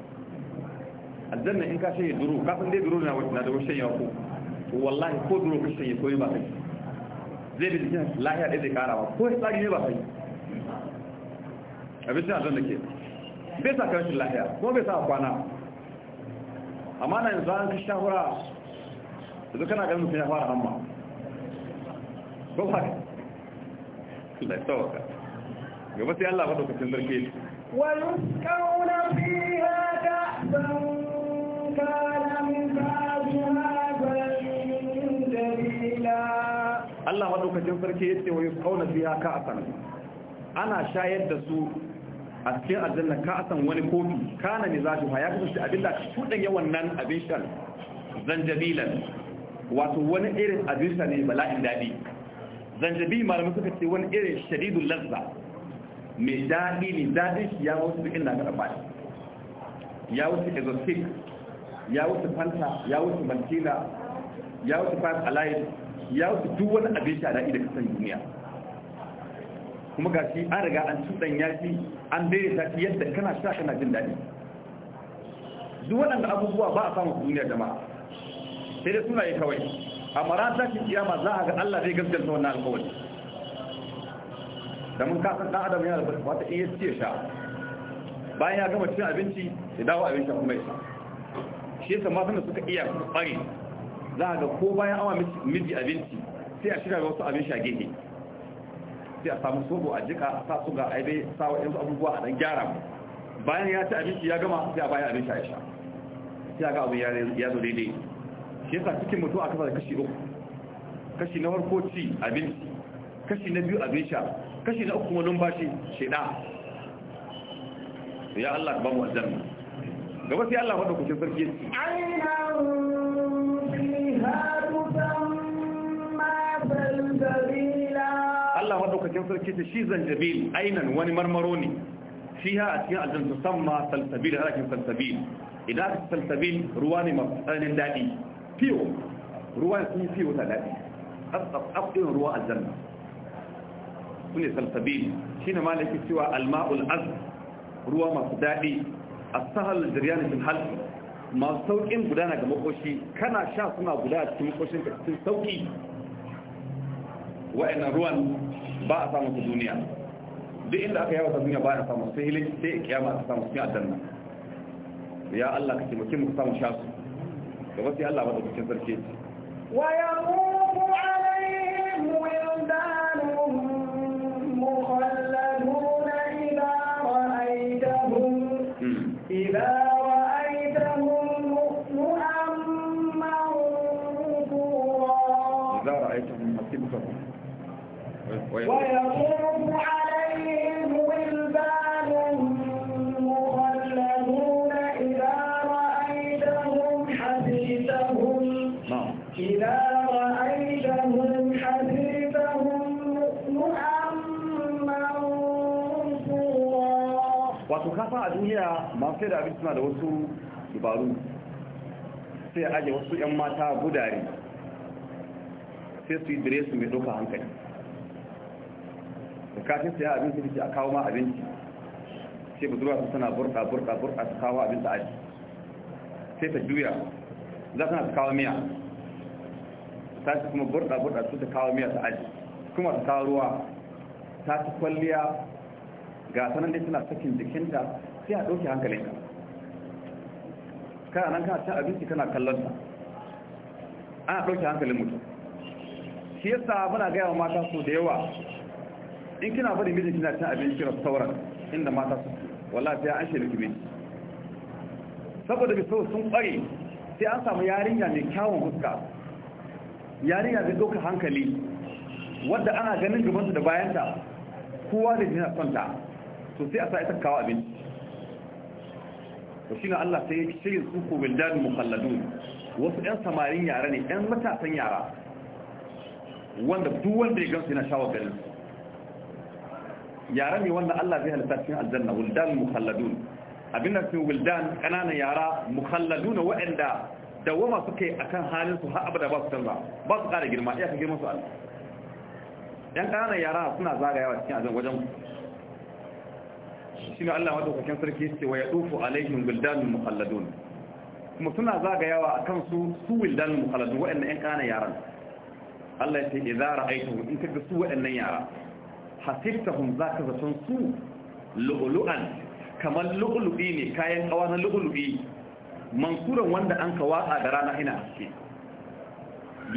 aljanna in ka shanye duro ka san dai duro na na da shanye ko wallahi ko duro ka shanye ko yi ba ka zai bi jikin lahiya ɗaya zai kara ba ko tsari ne ba ka yi abin aljanna ke bai sa karshen lahiya ko bai sa kwana amma na yanzu an ka shahura da kana ganin mutum ya fara hamma ba ba Allah ya sauka gaba sai Allah madaukakin sarki wa yusqawna fiha ka'san kana min ba'daha Allah madaukakin sarki yace wa yusqawna fiha ka'san ana shayar da su a cikin aljanna ka'san wani kofi kana mizajuha ya kasance abinda shuɗin yawan nan abin shan zanjabilan wato wani irin abin sha ne bala'in daɗi. zanjabi malamu suka ce wani irin shadidun lazza mai daɗi ne daɗin shi ya wasu duk inda ga baɗi. ya wasu exotic ya wasu fanta ya wasu mantila ya wasu five alayin ya wasu duk wani abin sha daɗi da kasan duniya kuma ga shi an riga an ya yashi an ta fi yadda kana sha kana jin daɗi duk waɗanda abubuwa ba a samun duniya jama'a sai dai suna yi kawai a ran tashin kiyama za a ga Allah zai gaskata wannan alƙawari da mun kasan ɗan adam yana da wata iya ce sha bayan ya gama cin abinci ya dawo abinci kuma ya sha shi yasa matan da suka iya suka za a ga ko bayan awa miji abinci sai a shirya wasu abin sha gehe sai a samu sobo a jika a sa suga a yi sa wa yanzu abubuwa a dan gyara mu bayan ya ci abinci ya gama sai a bayan abin sha ya sha sai a ga abin ya zo daidai yasa cikin mutum aka fara kashi uku kashi na farko ci abinci kashi na biyu abin sha kashi na uku kuma numfashi sheda ya Allah ba mu aljanna gaba sai Allah wanda kuke sarki yace aina fiha tusamma balbila Allah wanda kuke sarki yace shi zanjabil ainan wani marmaro ne fiha a cikin aljanna tusamma salsabil halakin salsabil idan salsabil ruwa ne mai tsananin dadi fiyo ruwa sun yi fiyo ta daɗi ɗin ruwa a aljanna su ne salsabili shi ne malaki cewa alma'ul az ruwa masu daɗi a sahal jiryanin sun halki masu sauƙin gudana ga makoshi kana sha suna gudana cikin makoshin ka cikin sauƙi wa'annan ruwan ba a samun su duniya duk inda aka yawa ta duniya ba a samun sai hilin sai kiyama a samun su ne a janna ya Allah ka taimake mu samu sha su gaba sai Allah madaukakin sarki ce wa yaqufu alaihim a duniya masu sai da abinci suna da wasu dubaru sai aje wasu 'yan mata gudare sai su yi dire su mai ɗauka hankali da kafin sai abinci da a kawo ma abinci sai budurwa su tana burka burka burka su kawo ta aji sai ta juya za ta kawo miya ta su kuma burka burka su ta kawo miya ta aji kuma ta kawo ruwa ta ci kwalliya ga sanan dai suna sakin jikinta sai a ɗauke Ka kana nan kana cin abinci kana kallonta ana ɗauke hankalin mutum shi yasa muna gaya wa mata su da yawa in kina bari mijin kina cin abinci sauran, inda mata su wallahi sai an shirya kimi saboda biso sun ƙware sai an samu yarinya mai kyawun fuska yarinya mai ɗauka hankali wadda ana ganin gabanta da bayanta kowa da jina son ta to sai a sa ita kawo abinci to shi Allah sai ya shirin su ko wildan mukhalladun wasu ɗan samarin yara ne ɗan matasan yara wanda duk wanda ya gamsu yana shawar garin yara ne wanda Allah zai halitta cikin aljanna wildan mukhalladun abinda su wildan kananan yara mukhalladun waɗanda dawama suke yi akan halin su har abada ba su canza ba su ƙara girma iyaka girman su Allah ɗan kananan yara suna zagayawa cikin azan wajen ne Allah madaukakin sarki ce wa yadufu alaihim wildanin mukalladun kuma suna zagayawa kan su su wildanin mukalladun wa'annan 'yan ƙana yaran Allah ya ce yace idza ra'aytuhum in kaga su waɗannan yara za ka zaton su lu'ulu'an kamar lu'ulu'i ne kayan kawa na man mansuran wanda an ka watsa da rana ina ce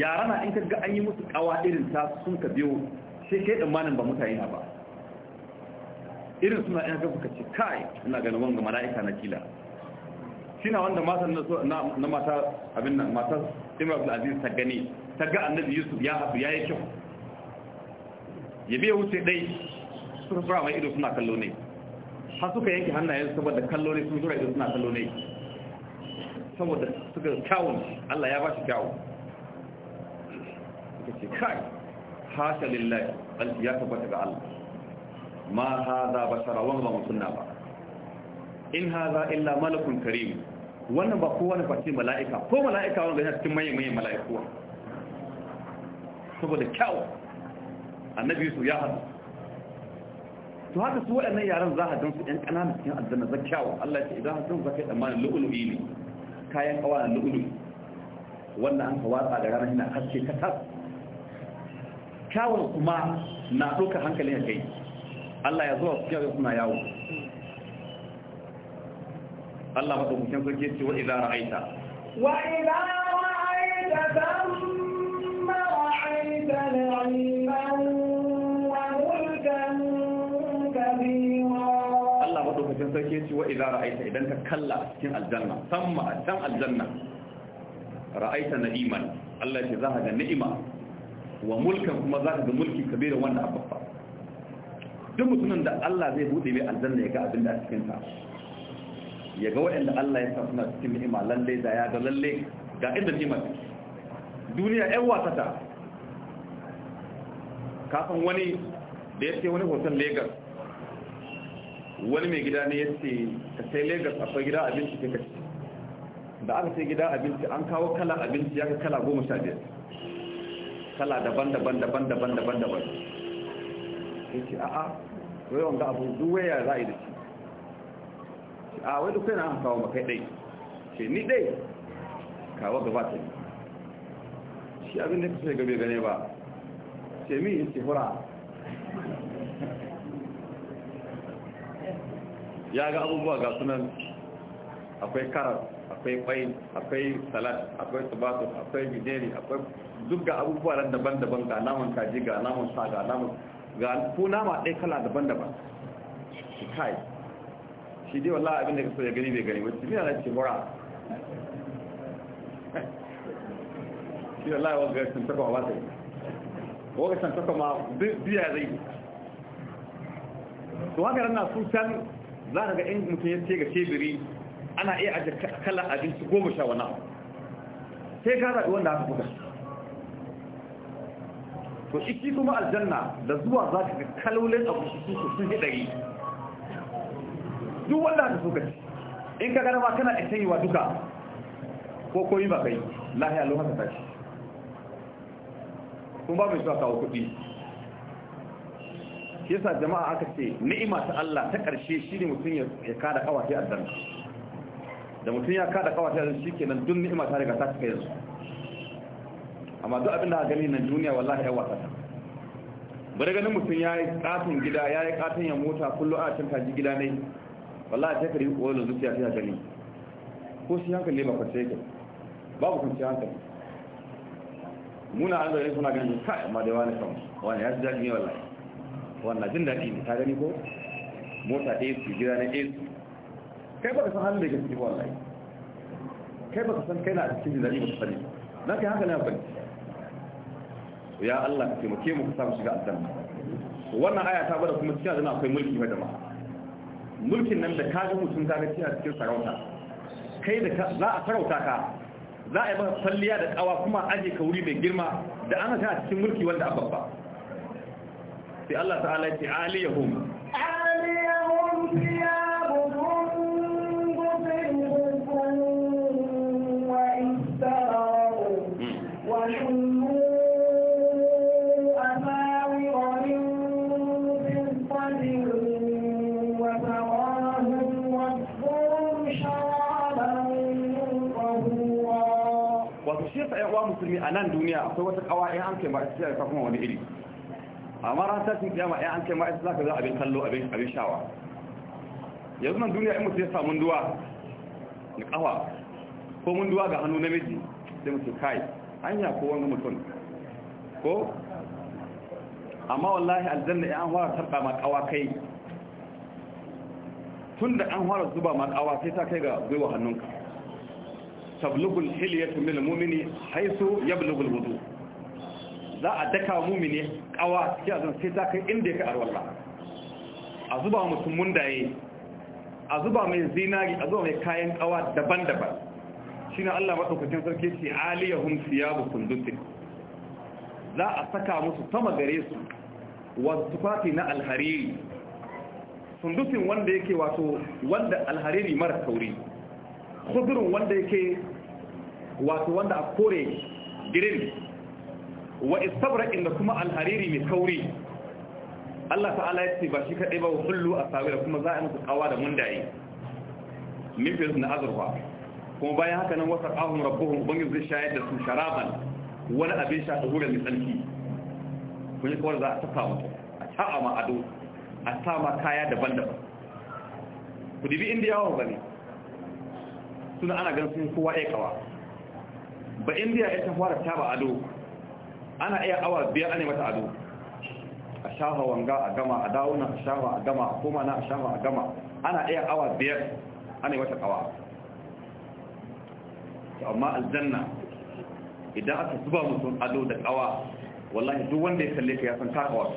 yara na in kaga an yi musu kawa irin ta sun ka biyo sai kai tsammanin ba mutane ba irin suna ina ga kuka ce kai ina ganin wanga mala'ika na kila shina wanda matan na mata abin nan matar Imar Abdul Aziz ta gani ta ga Annabi Yusuf ya haɗu ya yi kyau ya biya wuce dai suka fara mai ido suna kallo ne har suka yanke hannayen saboda kallo ne sun zura ido suna kallo ne saboda suka kyawun Allah ya ba shi kyawun suka ce kai hasha lillahi ya tabbata ga Allah ma haza bashara wannan ba mutunna ba in haza illa malakun karim wannan ba kowane na mala'ika ko mala'ika wanda yana cikin manyan manyan mala'ikuwa saboda kyawu annabi su ya haɗu. to haka su waɗannan yaren za a don su ɗan ƙananan cikin aljanna za kyawu Allah ce idan hasan za ka yi tsammanin lu'ulu'i ne kayan ƙawa na lu'ulu'i wanda an ka watsa da ranar yana haske ta tas kyawun kuma na ɗaukar hankalin ya kai Allah ya zuwa su kyau suna yawo Allah maɗaukakin sarki ce wa idza ra'aita wa idza ra'aita thamma ra'aita na'iman wa mulkan kabira Allah maɗaukakin sarki ce wa idza ra'aita idan ka kalla cikin aljanna thamma a can aljanna ra'aita na'iman Allah ya ce za ka ga ni'ima wa mulkan kuma za ka ga mulki kabira wanda abba duk mutumin da Allah zai bude mai aljanna ya ga abin da a cikin sa ya ga wanda Allah ya sa cikin ni'ima lalle da ya ga lalle ga inda ni'ima duniya ƴan ta kafin wani da ya wani hoton Lagos wani mai gida ne ya ce ka sai Lagos akwai gida abinci ke kashi da aka sai gida abinci an kawo kala abinci ya ga kala goma sha biyar kala daban-daban daban-daban daban-daban sai ce a'a wai wanga abu duk waya za a yi da shi a wai duk kai na an kawo makai dai ce ni dai kawo gaba ta yi shi abin da kusa gabe gane ba ce mi in ce hura ya ga abubuwa ga sunan akwai karar akwai kwai akwai salat akwai tubatus akwai bideri akwai duk ga abubuwa daban-daban ga naman kaji ga naman sa ga naman ga ko nama ɗaya kala daban-daban shi kai shi dai wallahi abinda ka soya gani bai gani wacce mina na ce mura shi wallahi wanga sun tafa ba yi wanga sun tafa ma biya zai to haka rana su san za ka ga in mutum ya ce ga shebiri ana iya ajiye kala abinci goma sha wana sai ka zaɓi wanda aka buga to iki kuma aljanna da zuwa za ka ga kalolin abu shi su sun yi ɗari duk wanda ka so kaci in ka gara ma kana isa yi wa duka ko koyi ba kai lahiya lo haka tashi kuma ba mai zuwa kawo kuɗi shi yasa jama'a aka ce ni'ima ta Allah ta ƙarshe shi ne mutum ya kada kawace aljanna da mutum ya kada kawace aljanna shi kenan duk ni'ima ta riga ta cika yanzu amma duk abin da gani na duniya wallahi ya wasa ta bari ganin mutum ya yi katon gida ya yi katon ya mota kullum a cin kaji gida ne wallahi ta kari wani zuciya ta gani ko shi hankali ba kwace yake babu kwanci hankali muna an zaune suna ganin kai amma da wani kan wani ya ji daɗi ne wallahi wannan jin daɗi ne ta gani ko mota ɗaya su gida na ɗaya su kai ba ka san halin da ke cikin wallahi kai ba ka san kai na cikin jin daɗi ba su sani na kai hankali na kwanci ya Allah ka taimake mu ka samu shiga aljanna wannan aya ta bada kuma cikin aljanna akwai mulki mai jama'a mulkin nan da ka ga mutum ka ga cikin sarauta kai da za a sarauta ka za a yi maka salliya da kawa kuma aje ka wuri mai girma da ana ta cikin mulki wanda ababba sai Allah ta'ala ya ce aliyahum aliyahum nan duniya akwai wata kawa in an kai ba a sai ka kuma wani iri amma ran tashin kiyama in an kai ma za zaka za abin kallo abin abin shawa yanzu nan duniya in mu ya samu duwa na kawa ko mun duwa ga hannu namiji sai mutum kai hanya ko wani mutum ko amma wallahi aljanna ya an fara tarɗa ma kawa kai tun da an fara zuba ma kawa sai ta kai ga gwiwa hannunka tablugul hilyatu lil mu'mini haisu yablugul wudu za a daka mu'mini kawa cikin azan sai ta kai inda ya yake arwalla a zuba mutum mundaye a zuba mai zinari a zuba mai kayan kawa daban-daban shi na Allah madaukakin sarki ce aliyahum siyabu sundusi za a saka musu sama gare su wasu tufafi na alhariri sundusin wanda yake wato wanda alhariri mara kauri kudurin wanda yake wato wanda a kore girin wa istabra da kuma alhariri mai kauri Allah ta'ala ya ce ba shi kaɗai ba hullu a da kuma za a musu kawa da mundaye min na azurfa kuma bayan haka nan wasa ahun rabuhun ubangiji zai shayar da su sharaban wani abin sha da wurin tsanki kun yi kawar za a tafa mutu a ta'a ma ado a ta ma kaya daban-daban ku dibi indiyawa ba ne suna ana gan sun kowa ya kawa ba indiya ya ta fara taba ado ana iya awa biyar ana mata ado a shafa wanga a gama a dawuna a shafa a gama a koma na a shafa a gama ana iya awa biyar ana mata kawa amma aljanna idan aka zuba mutum ado da kawa wallahi duk wanda ya kalle ka ya san takawa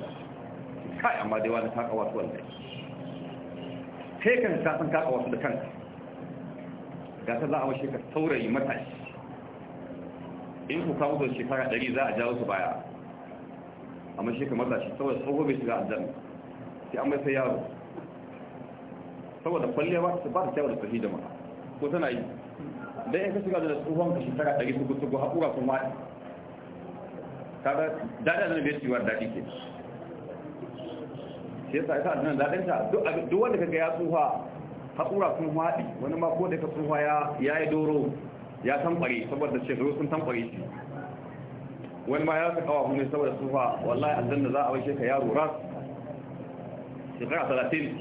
kai amma dai wani takawa su wallahi kai kan ka san takawa su da kanka gasa za a washe ka saurayi matashi in ku kawo zuwa shekara ɗari za a jawo su baya A mashi ka matashi saboda tsoho bai shiga aljanna sai an mai sai yaro saboda kwalliya ba ta ba da kyawar sahi da mata ko tana yi don yanka ka shiga da tsohon ka shekara ɗari su gusu haƙura sun ma Kada daɗa nan bai ciwar daɗi ke shi yasa sa aljanna daɗinta duk wanda ka ga ya tsuha haƙura sun waɗi wani ma ko da ka tsufa ya yi doro ya tankware saboda shekaru sun tankware shi wani ma ya ka kawo ne saboda tsufa wallahi aljanna za a bai shekara yaro ras shekara talatin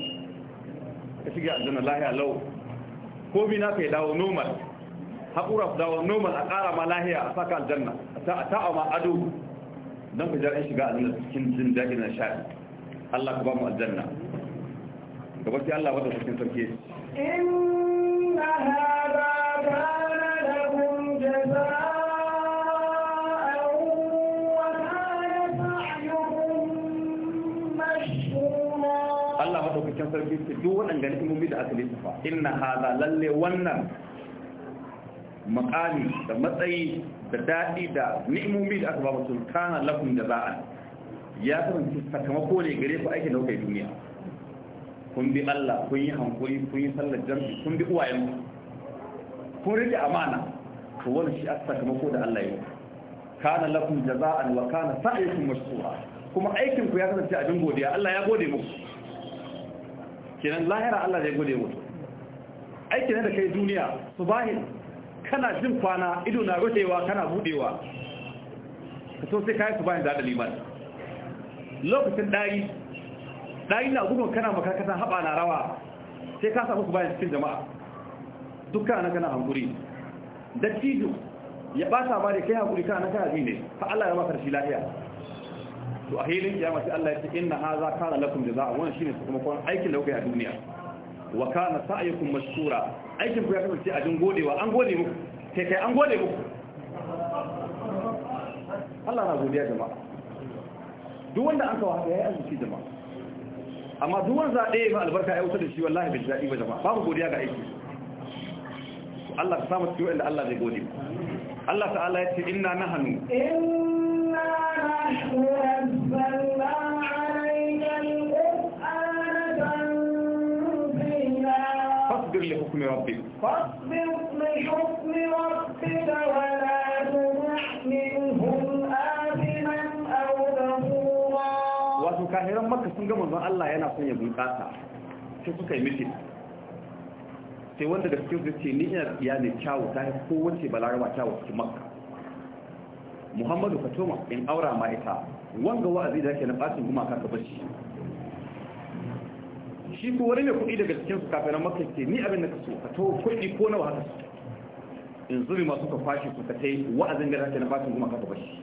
ka shiga aljanna lahiya lau ko bi na ka yi dawo normal haƙura su dawo normal a ƙara ma lahiya a saka aljanna a ta ta'a ma ado don ka jar'in shiga aljanna cikin jin daɗi na sha'i Allah ka ba mu aljanna gaba sai Allah wadda cikin sarki inna hada kana lakum jazaa Allah madaukakin sarki ce duk waɗanda ni'imomi da aka lissafa inna hada lalle wannan makami da matsayi da daɗi da ni'imomi da aka ba mutum kana lakum jazaa ya kasance sakamako ne gare ku aikin da kuka duniya kun bi Allah kun yi hankuri kun yi sallar jam'i kun bi uwayen kun rike amana to wannan shi aka mako da Allah ya kana lakum jaza'an wa kana sa'yukum mashkura kuma aikin ku ya kasance abin godiya Allah ya gode muku kenan lahira Allah ya gode muku aikin da kai duniya subahin kana jin kwana ido na rufewa kana budewa ka so sai kai subahin da liman lokacin dari ɗayin na gudun kana makarkata haba na rawa sai ka samu su bayan cikin jama'a dukkan na kana hankuri dattijo ya ɓata ba da kai hankuri kana na kai ne fa Allah ya maka shi lafiya to a hilin kiyama sai Allah ya ce inna haza kana lakum jazaa wannan shine kon aikin da kuka yi a duniya wa kana sa'yukum mashkura aikin ku ya kasance a jin godewa an gode muku kai kai an gode muku Allah na godiya jama'a duk wanda an kawo haka yayi azuci jama'a amma duk wanda zaɓe ba albarka ya wuce da shi wallahi bil zaɓi ba jama'a babu godiya ga aiki Allah ta samu ciwo inda Allah zai gode Allah ta'ala ya ce inna nahnu inna nahnu nazzalna alayka al-qur'ana tanzila fasbir li hukmi rabbik fasbir li hukmi rabbika wa sun gama zan Allah yana son ya bunƙasa sai suka yi mitin sai wanda da suke ce ni ina ya ne kyawu ta yi kowace balaraba kyawu cikin makka muhammadu fatoma in aura ma ita wanga wa'azi da ke na ɓacin gumaka ka bashi shi ko wani mai kuɗi daga cikin su kafin nan makka ce ni abin da ka so ka to kuɗi ko nawa haka su in zubi masu ka fashi su ka tai wa'azin da ke na ɓacin gumaka ka bashi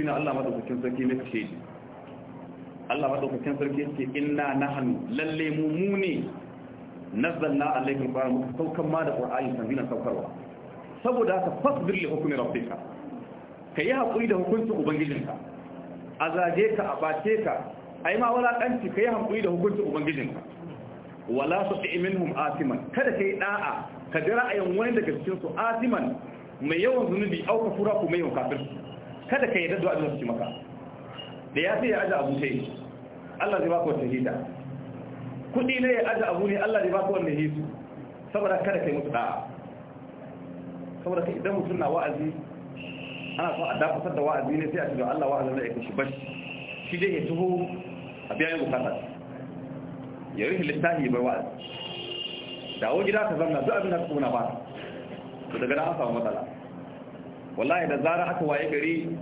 shi na Allah madaukakin sarki ne kashe shi Allah madaukakin sarki ce na hannu, lalle mu mu na nazzalna alayka qur'an muka saukan ma da qur'ani sanbina saukarwa saboda haka fasbir li hukmi ka yi hakuri da hukuncin ubangijinka a zaje ka a abace ka a yi ma wala ka yi hakuri da hukuncin ubangijinka wala su tuti minhum asiman, kada ka yi ɗa'a, ka ji ra'ayin wani daga cikin su asiman, mai yawan zunubi auka fura ko mai yawan kafirci kada ka yarda da abin da maka da ya sai ya aje abu sai Allah zai baka wata hita kudi ne ya aje abu ne Allah zai baka wannan hisu saboda kada kai musu da'a saboda kai idan mutum na wa'azi ana so a dafasar da wa'azi ne sai a ce da Allah wa'azin da ya kashi bashi shi dai ya tuho a biya yin bukatar ya rufe littafi bai wa'azi dawo gida ka zanna duk abin da ka kuna ba to daga nan an samu matsala wallahi da zara aka waye gari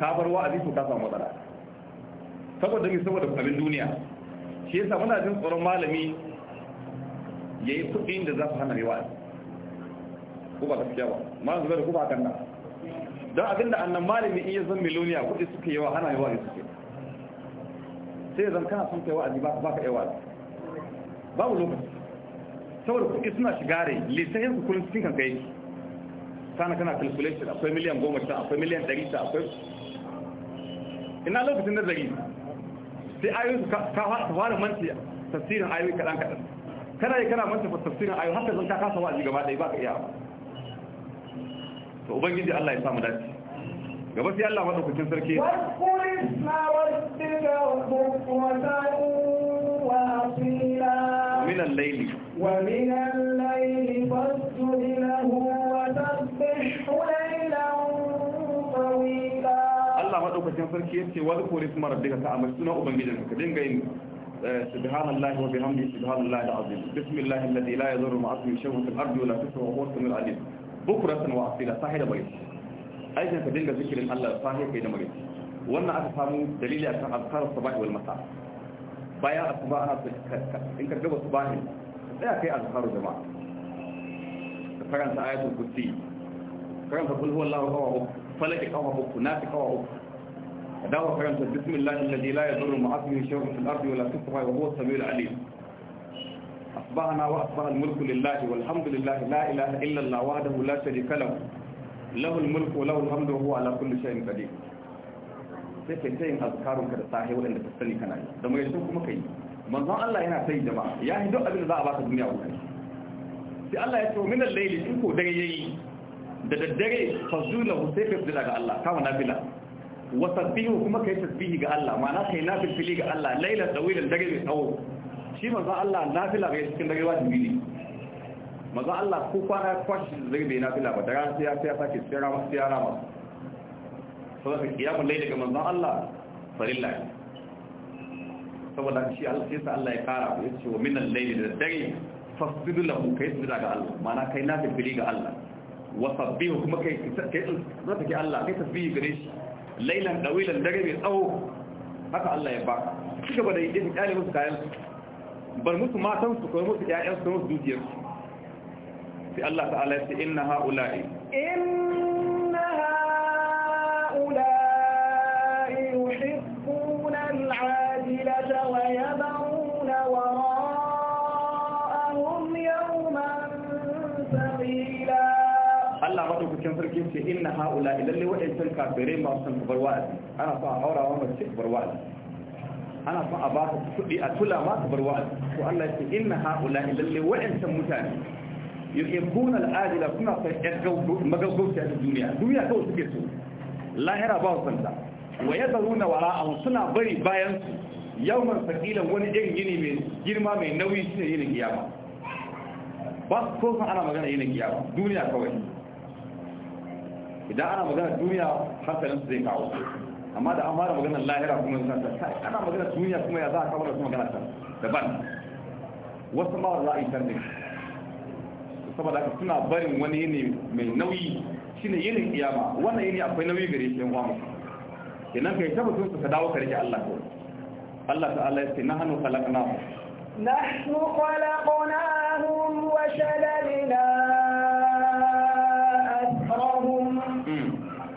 ka bar wa'azi to ka samu matsala saboda ni saboda abin duniya shi yasa muna jin tsoron malami yayi kudi da za su hana mai wa'azi ko ba gaskiya ba malam zuwa ko ba kan nan don abinda annan malami in ya zan miliyoniya kuɗi suke yawa hana yawa ne suke sai zan kana son kai wa'azi ba ka yawa babu lokaci saboda kuɗi suna shiga rai lisan yanzu kullum cikin kanka yake kana kana calculation akwai miliyan goma ta akwai miliyan ɗari ta akwai ina lokacin nazari sai ayoyi ka fara manci tafsirin ayoyi kaɗan kaɗan kana yi kana manci tafsirin ayoyi haka zan ka kasa ji gaba ɗaya ba ka iya ba to ubangiji Allah ya samu dace gaba sai Allah madaukakin sarki ومن الليل ومن الليل فاسجد madaukakin sarki yace wal kuris marabbika ka amma suna ubangijin ka dinga yin subhanallahi wa bihamdihi subhanallahi alazim bismillahi alladhi la yadurru ma'a ismihi shay'un fil ardi wa la fis wa huwa as-sami'ul alim bukratan wa asila sahida bai aikin ka dinga zikirin Allah sahih kai da mare wannan aka samu dalili akan azkar sabah wal masa bayan asuba ana in ka gaba subahin tsaya kai azkar jama'a ka karanta ayatul kursi karanta kulhu wallahu kawa uku falaki kawa uku nafi kawa uku dawo karanta bismillahi alladhi la yadurru ma'a ismihi shay'un fil ardi wa la tukhfa wa huwa أصبحنا وأصبح الملك لله والحمد لله لا إله إلا الله وحده لا شريك له له الملك وله الحمد وهو على كل شيء قدير sai kai tayin azkarun ka da sahi wanda ka sani kana yi da mai sun kuma kai manzon Allah yana sai jama'a ya yi duk abin da za a baka duniya a sai Allah ya ce min al-layli in ko dare yayi da daddare fazula sai ka fita daga Allah kama nafila wa tasbihu kuma kai tasbihi ga Allah ma'ana kai nafil fili ga Allah lailan dawilan dare mai tsawo shi manzo Allah nafila ga cikin dare wajibi ne manzo Allah ko kwana kwashi zai bai nafila ba dara sai ya sai ya sake tsira ma tsira ma saboda kiyamul layli ga manzo Allah farilla saboda shi Allah sai Allah ya kara ya ce wa minal layli da dare fasjudu lahu kai sujuda ga Allah ma'ana kai nafil fili ga Allah wa sabbihu kuma kai kai zaka ga Allah kai tasbihi gare shi lailan dawilan dare mai tsawo haka Allah ya ba su gaba da yake kyale musu kayan bar musu matan su koyi musu ƴaƴan su musu dukiyar su sai Allah ta'ala ya ce inna haula'i inna haula'i yuhibbuna al'ajilata wa yabqa madaukakin sarki ce inna haula lalle wa'ancan kafirai masu san kabar wa'azi ana son a haura wa mace kabar wa'azi ana son a ba su kuɗi a tula ma bar wa'azi to Allah ya ce inna haula lalle wa'ancan mutane yuhibbuna al'ajila kuna son magaggauta ta duniya duniya kawai suke so lahira ba su santa wa ya wara'ahum suna bari bayan su yawman sakilan wani ɗan gini mai girma mai nauyi shine yin kiyama ba su ko ana magana yin kiyama duniya kawai idan ana magana duniya hankalin su zai kawo amma da an fara magana lahira kuma zan ta kai ana magana duniya kuma ya za a kawo da su magana ta daban wasu ma za a yi tarni saboda haka suna barin wani yini mai nauyi shine yinin kiyama wannan yini akwai nauyi gare shi yan kwamu kenan kai tabbatun su ka dawo ka rike Allah ko Allah ta'ala ya ce nahnu khalaqnahu nahnu khalaqnahum wa shadadna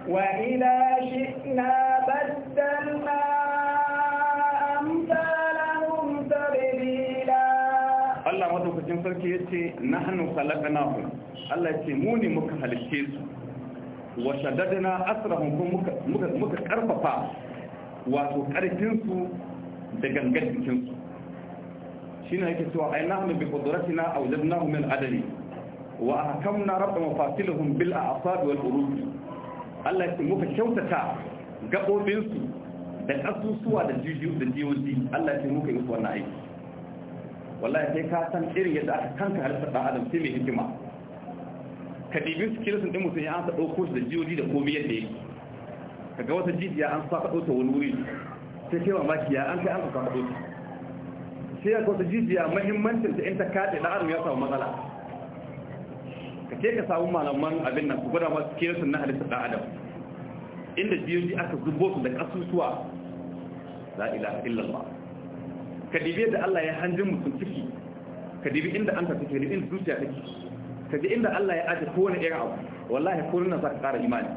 وإذا شئنا بدلنا أمثالهم تبديلا الله ما توقف نحن خلقناهم الله يتموني مكهل الشيس وشددنا أسرهم مكهربفا وتكارفينسو دقنقات الشيس شنو هيك سوى عيناهم بقدرتنا أوجدناهم من عدلي وأحكمنا رب مفاصلهم بالأعصاب والقلوب Allah ya muka kyautata gaɓoɓinsu da ƙasusuwa da jijiyu da jiyoji Allah ya muka yi su wannan aiki wallahi sai ka san irin yadda aka kanka halittar ɗan adam sai mai hikima ka ɗibi su kirisun ɗin mutum ya an sa ɗauko da jiyoji da komi yadda yake ka ga wata jijiya an sa ɗauko ta wani wuri sai kai mamaki ya an kai an sa ta sai ka wata jijiya muhimmancin ta in ta kaɗe ɗan adam ya samu matsala sai ka samu malaman abin nan su gwada masu kerasun na halittar ɗan adam inda biyoji aka zubo su da ƙasusuwa za a ilaha illallah ka dibe da Allah ya hanjin mutum ciki ka dibi inda an ta take inda zuciya take ka ji inda Allah ya aje kowane irin abu wallahi ko nan za ka ƙara imani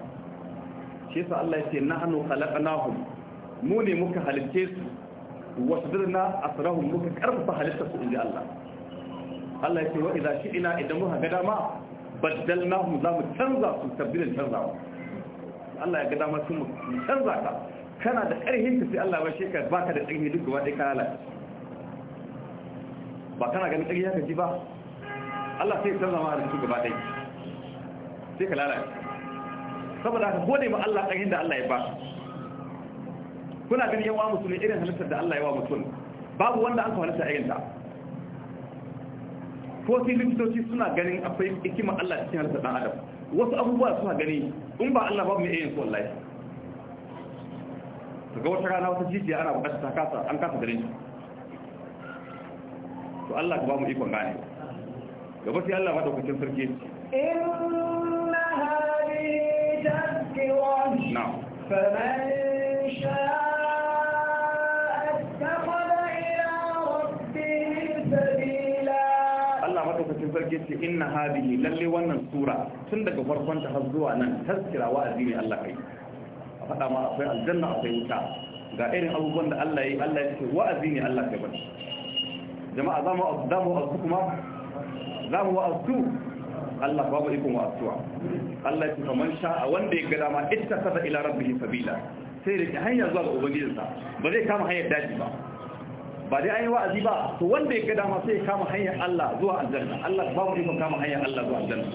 shi yasa Allah ya ce nahnu khalaqnahum mu ne muka halitte su wasdirna asrahum muka karfafa halitta su inda Allah Allah ya ce wa idza shi'na idan muka ga dama baddalnahum za mu canza su tabbilin canzawa Allah ya ga dama sun canza ka kana da ƙarfin ka sai Allah ya shi ka baka da ƙarfi duk gaba ɗaya ka lalace ba kana ganin ƙarfi haka ji ba Allah sai ya canza ma halittu gaba ɗaya sai ka lalace saboda haka gode ma Allah ƙarfin da Allah ya ba kuna ganin yawa musulmi irin halittar da Allah ya wa mutum babu wanda an ka halitta irin ta ko sai likitoci suna ganin akwai hikima Allah cikin halittar dan adam wasu abubuwa suna gani in ba Allah ba mu iya yin su wallahi ga wata rana wata jijiya ana bukatar ta kasa an kasa ganin to Allah ka ba mu ikon gane gaba sai Allah ba da hukuncin sarki inna hadhihi na fa faman sai ce inna hadihi lalle wannan sura tun daga farkon ta har zuwa nan taskira wa'azi ne Allah kai a faɗa ma akwai aljanna akwai wuta ga irin abubuwan da Allah yi Allah ya ce wa'azi ne Allah kai bane jama'a za mu za kuma za mu wa'azu Allah babu ikon wa'azuwa Allah ya ce kaman sha a wanda ya ga dama ittasa ila rabbihi sabila sai da hanya zuwa ga ubangijinsa ba zai kama hanyar daji ba ba dai an yi wa'azi ba to wanda ya ga dama sai ya kama hanyar Allah zuwa aljanna Allah ba mu kama hanyar Allah zuwa aljanna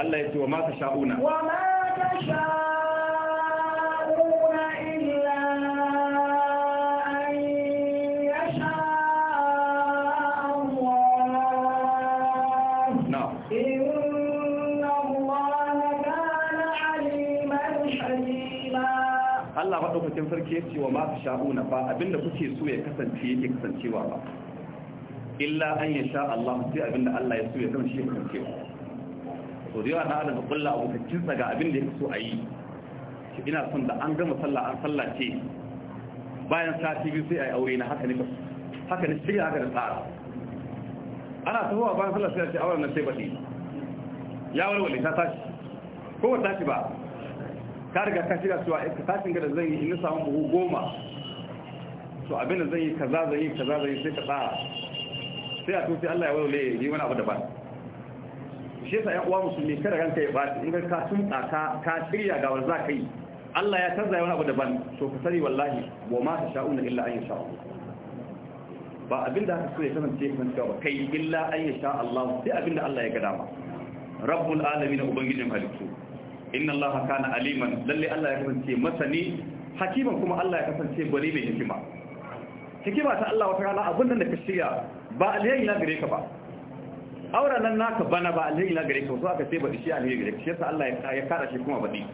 Allah ya ce wa ma ka sha'una wa ma sha'una Allah madaukakin sarki ce wa sha'u sha'una ba abinda kuke so ya kasance yake kasancewa ba illa an sha Allah sai abinda Allah ya so ya kasance ya kasancewa to da yawa na da ƙulla abu ka ga abinda yake so a yi. Ki ina son da an gama sallah an sallace bayan sati biyu sai a yi aure na haka ne haka ne shirya haka da tsara ana tafiya bayan sallah sai a ce auren na sai baɗi ya walwale ta tashi ko ba tashi ba ka riga ka shirya cewa iktisafin ga da zan yi ina samun buhu goma to abin da zan yi kaza zan yi kaza zan yi sai ka tsara sai a to Allah ya walwale yi wani abu daban shi yasa yan uwa musulmi kada ranka ya baci in ka sun tsaka ka shirya ga wanda ka yi Allah ya canza wani abu daban to ka sani wallahi wa ma ta na illa an yi sha'un ba abinda haka so ya kasance kan cewa ba kai illa an yasha Allah sai abinda Allah ya ga dama rabbul alamin ubangijin halittu inna allaha kana aliman lalle Allah ya kasance masani hakiman kuma Allah ya kasance gwani mai hikima hikima ta Allah wata rana abin da ka shirya ba alheri na gare ka ba auren nan naka bana ba alheri na gare ka so aka ce ba shi alheri gare ka shi yasa Allah ya kara shi kuma baɗi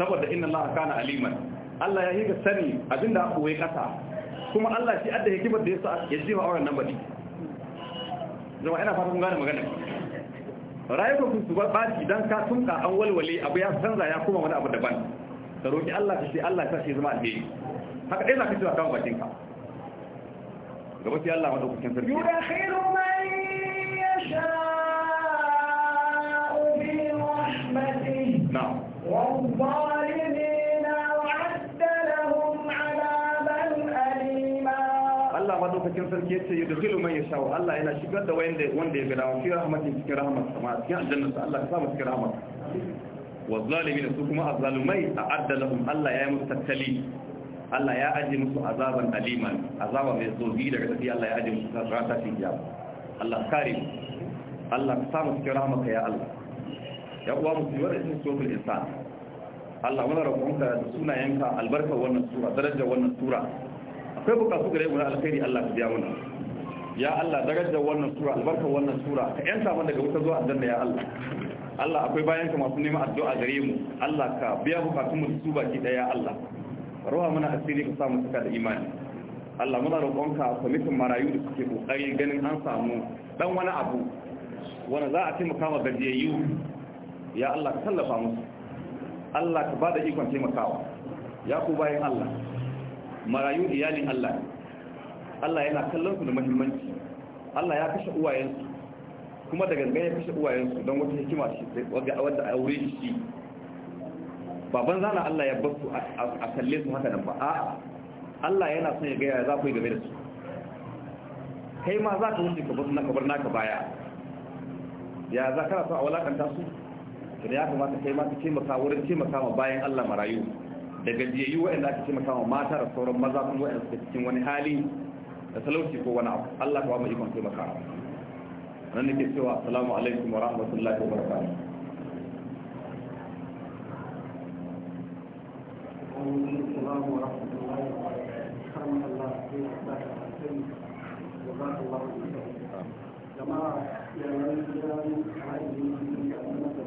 saboda inna allaha kana aliman Allah ya yi ga sani abinda aka wai kasa kuma Allah shi adda hikimar da yasa ya jiwa auren nan baɗi zama ina fata kun gane magana rayuwar su ba baci dan ka tunka an walwale abu ya canza ya kuma wani abu daban ka roki Allah ka ce Allah ya ce zama alheri haka dai zaka cewa kan bakin ka gaba sai Allah madaukakin sarki khairu man yasha bi rahmatihi na'am wa madaukakin sarki yace yudkhilu man yasha Allah yana shigar da wanda wanda ya ga wa fi rahmatin cikin rahmat sama cikin aljanna sa Allah ya sa mu cikin rahmat wa zalimin su kuma azzalumai a'adda lahum Allah ya yi musu tattali Allah ya aje musu azaban aliman azaba mai zobi daga tafi Allah ya aje musu tsarata cikin ya Allah kare Allah ya sa mu cikin rahmatka ya Allah ya uwa musulmar isin sokul insan Allah muna roƙonka da sunayenka albarkar wannan sura darajar wannan sura akwai bukatu gare mu na alkhairi Allah ka biya mana ya Allah darajar wannan sura albarkar wannan sura ka yanta mana daga wuta zuwa aljanna ya Allah Allah akwai bayan ka masu neman addu'a gare mu Allah ka biya bukatun mu su baki daya Allah ruha mana asiri ka samu saka da imani Allah muna roƙonka kwamitin marayu da suke kokari ganin an samu dan wani abu wanda za a taimaka ma gajiyayyu ya Allah ka tallafa musu Allah ka bada ikon taimakawa ya ku bayan Allah marayu iyalin Allah Allah yana kallon su da muhimmanci Allah ya kashe uwayensu kuma da gangan ya kashe uwayensu don wata hikima shi wadda a aure shi baban zana Allah ya bar su a kalle su haka nan ba a Allah yana son ya gaya za ku yi game da su kai ma za ka wuce ka bar ka bar naka baya ya za ka so a walakanta su da ya kamata kai ma ka taimaka wurin taimaka ma bayan Allah marayu da gajiyayyu waɗanda ake taimaka wa mata da sauran maza kuma waɗanda suke cikin wani hali da talauci ko wani abu Allah ka ba ikon taimaka nan nake cewa assalamu alaikum wa rahmatullahi wa barakatuh السلام ورحمة da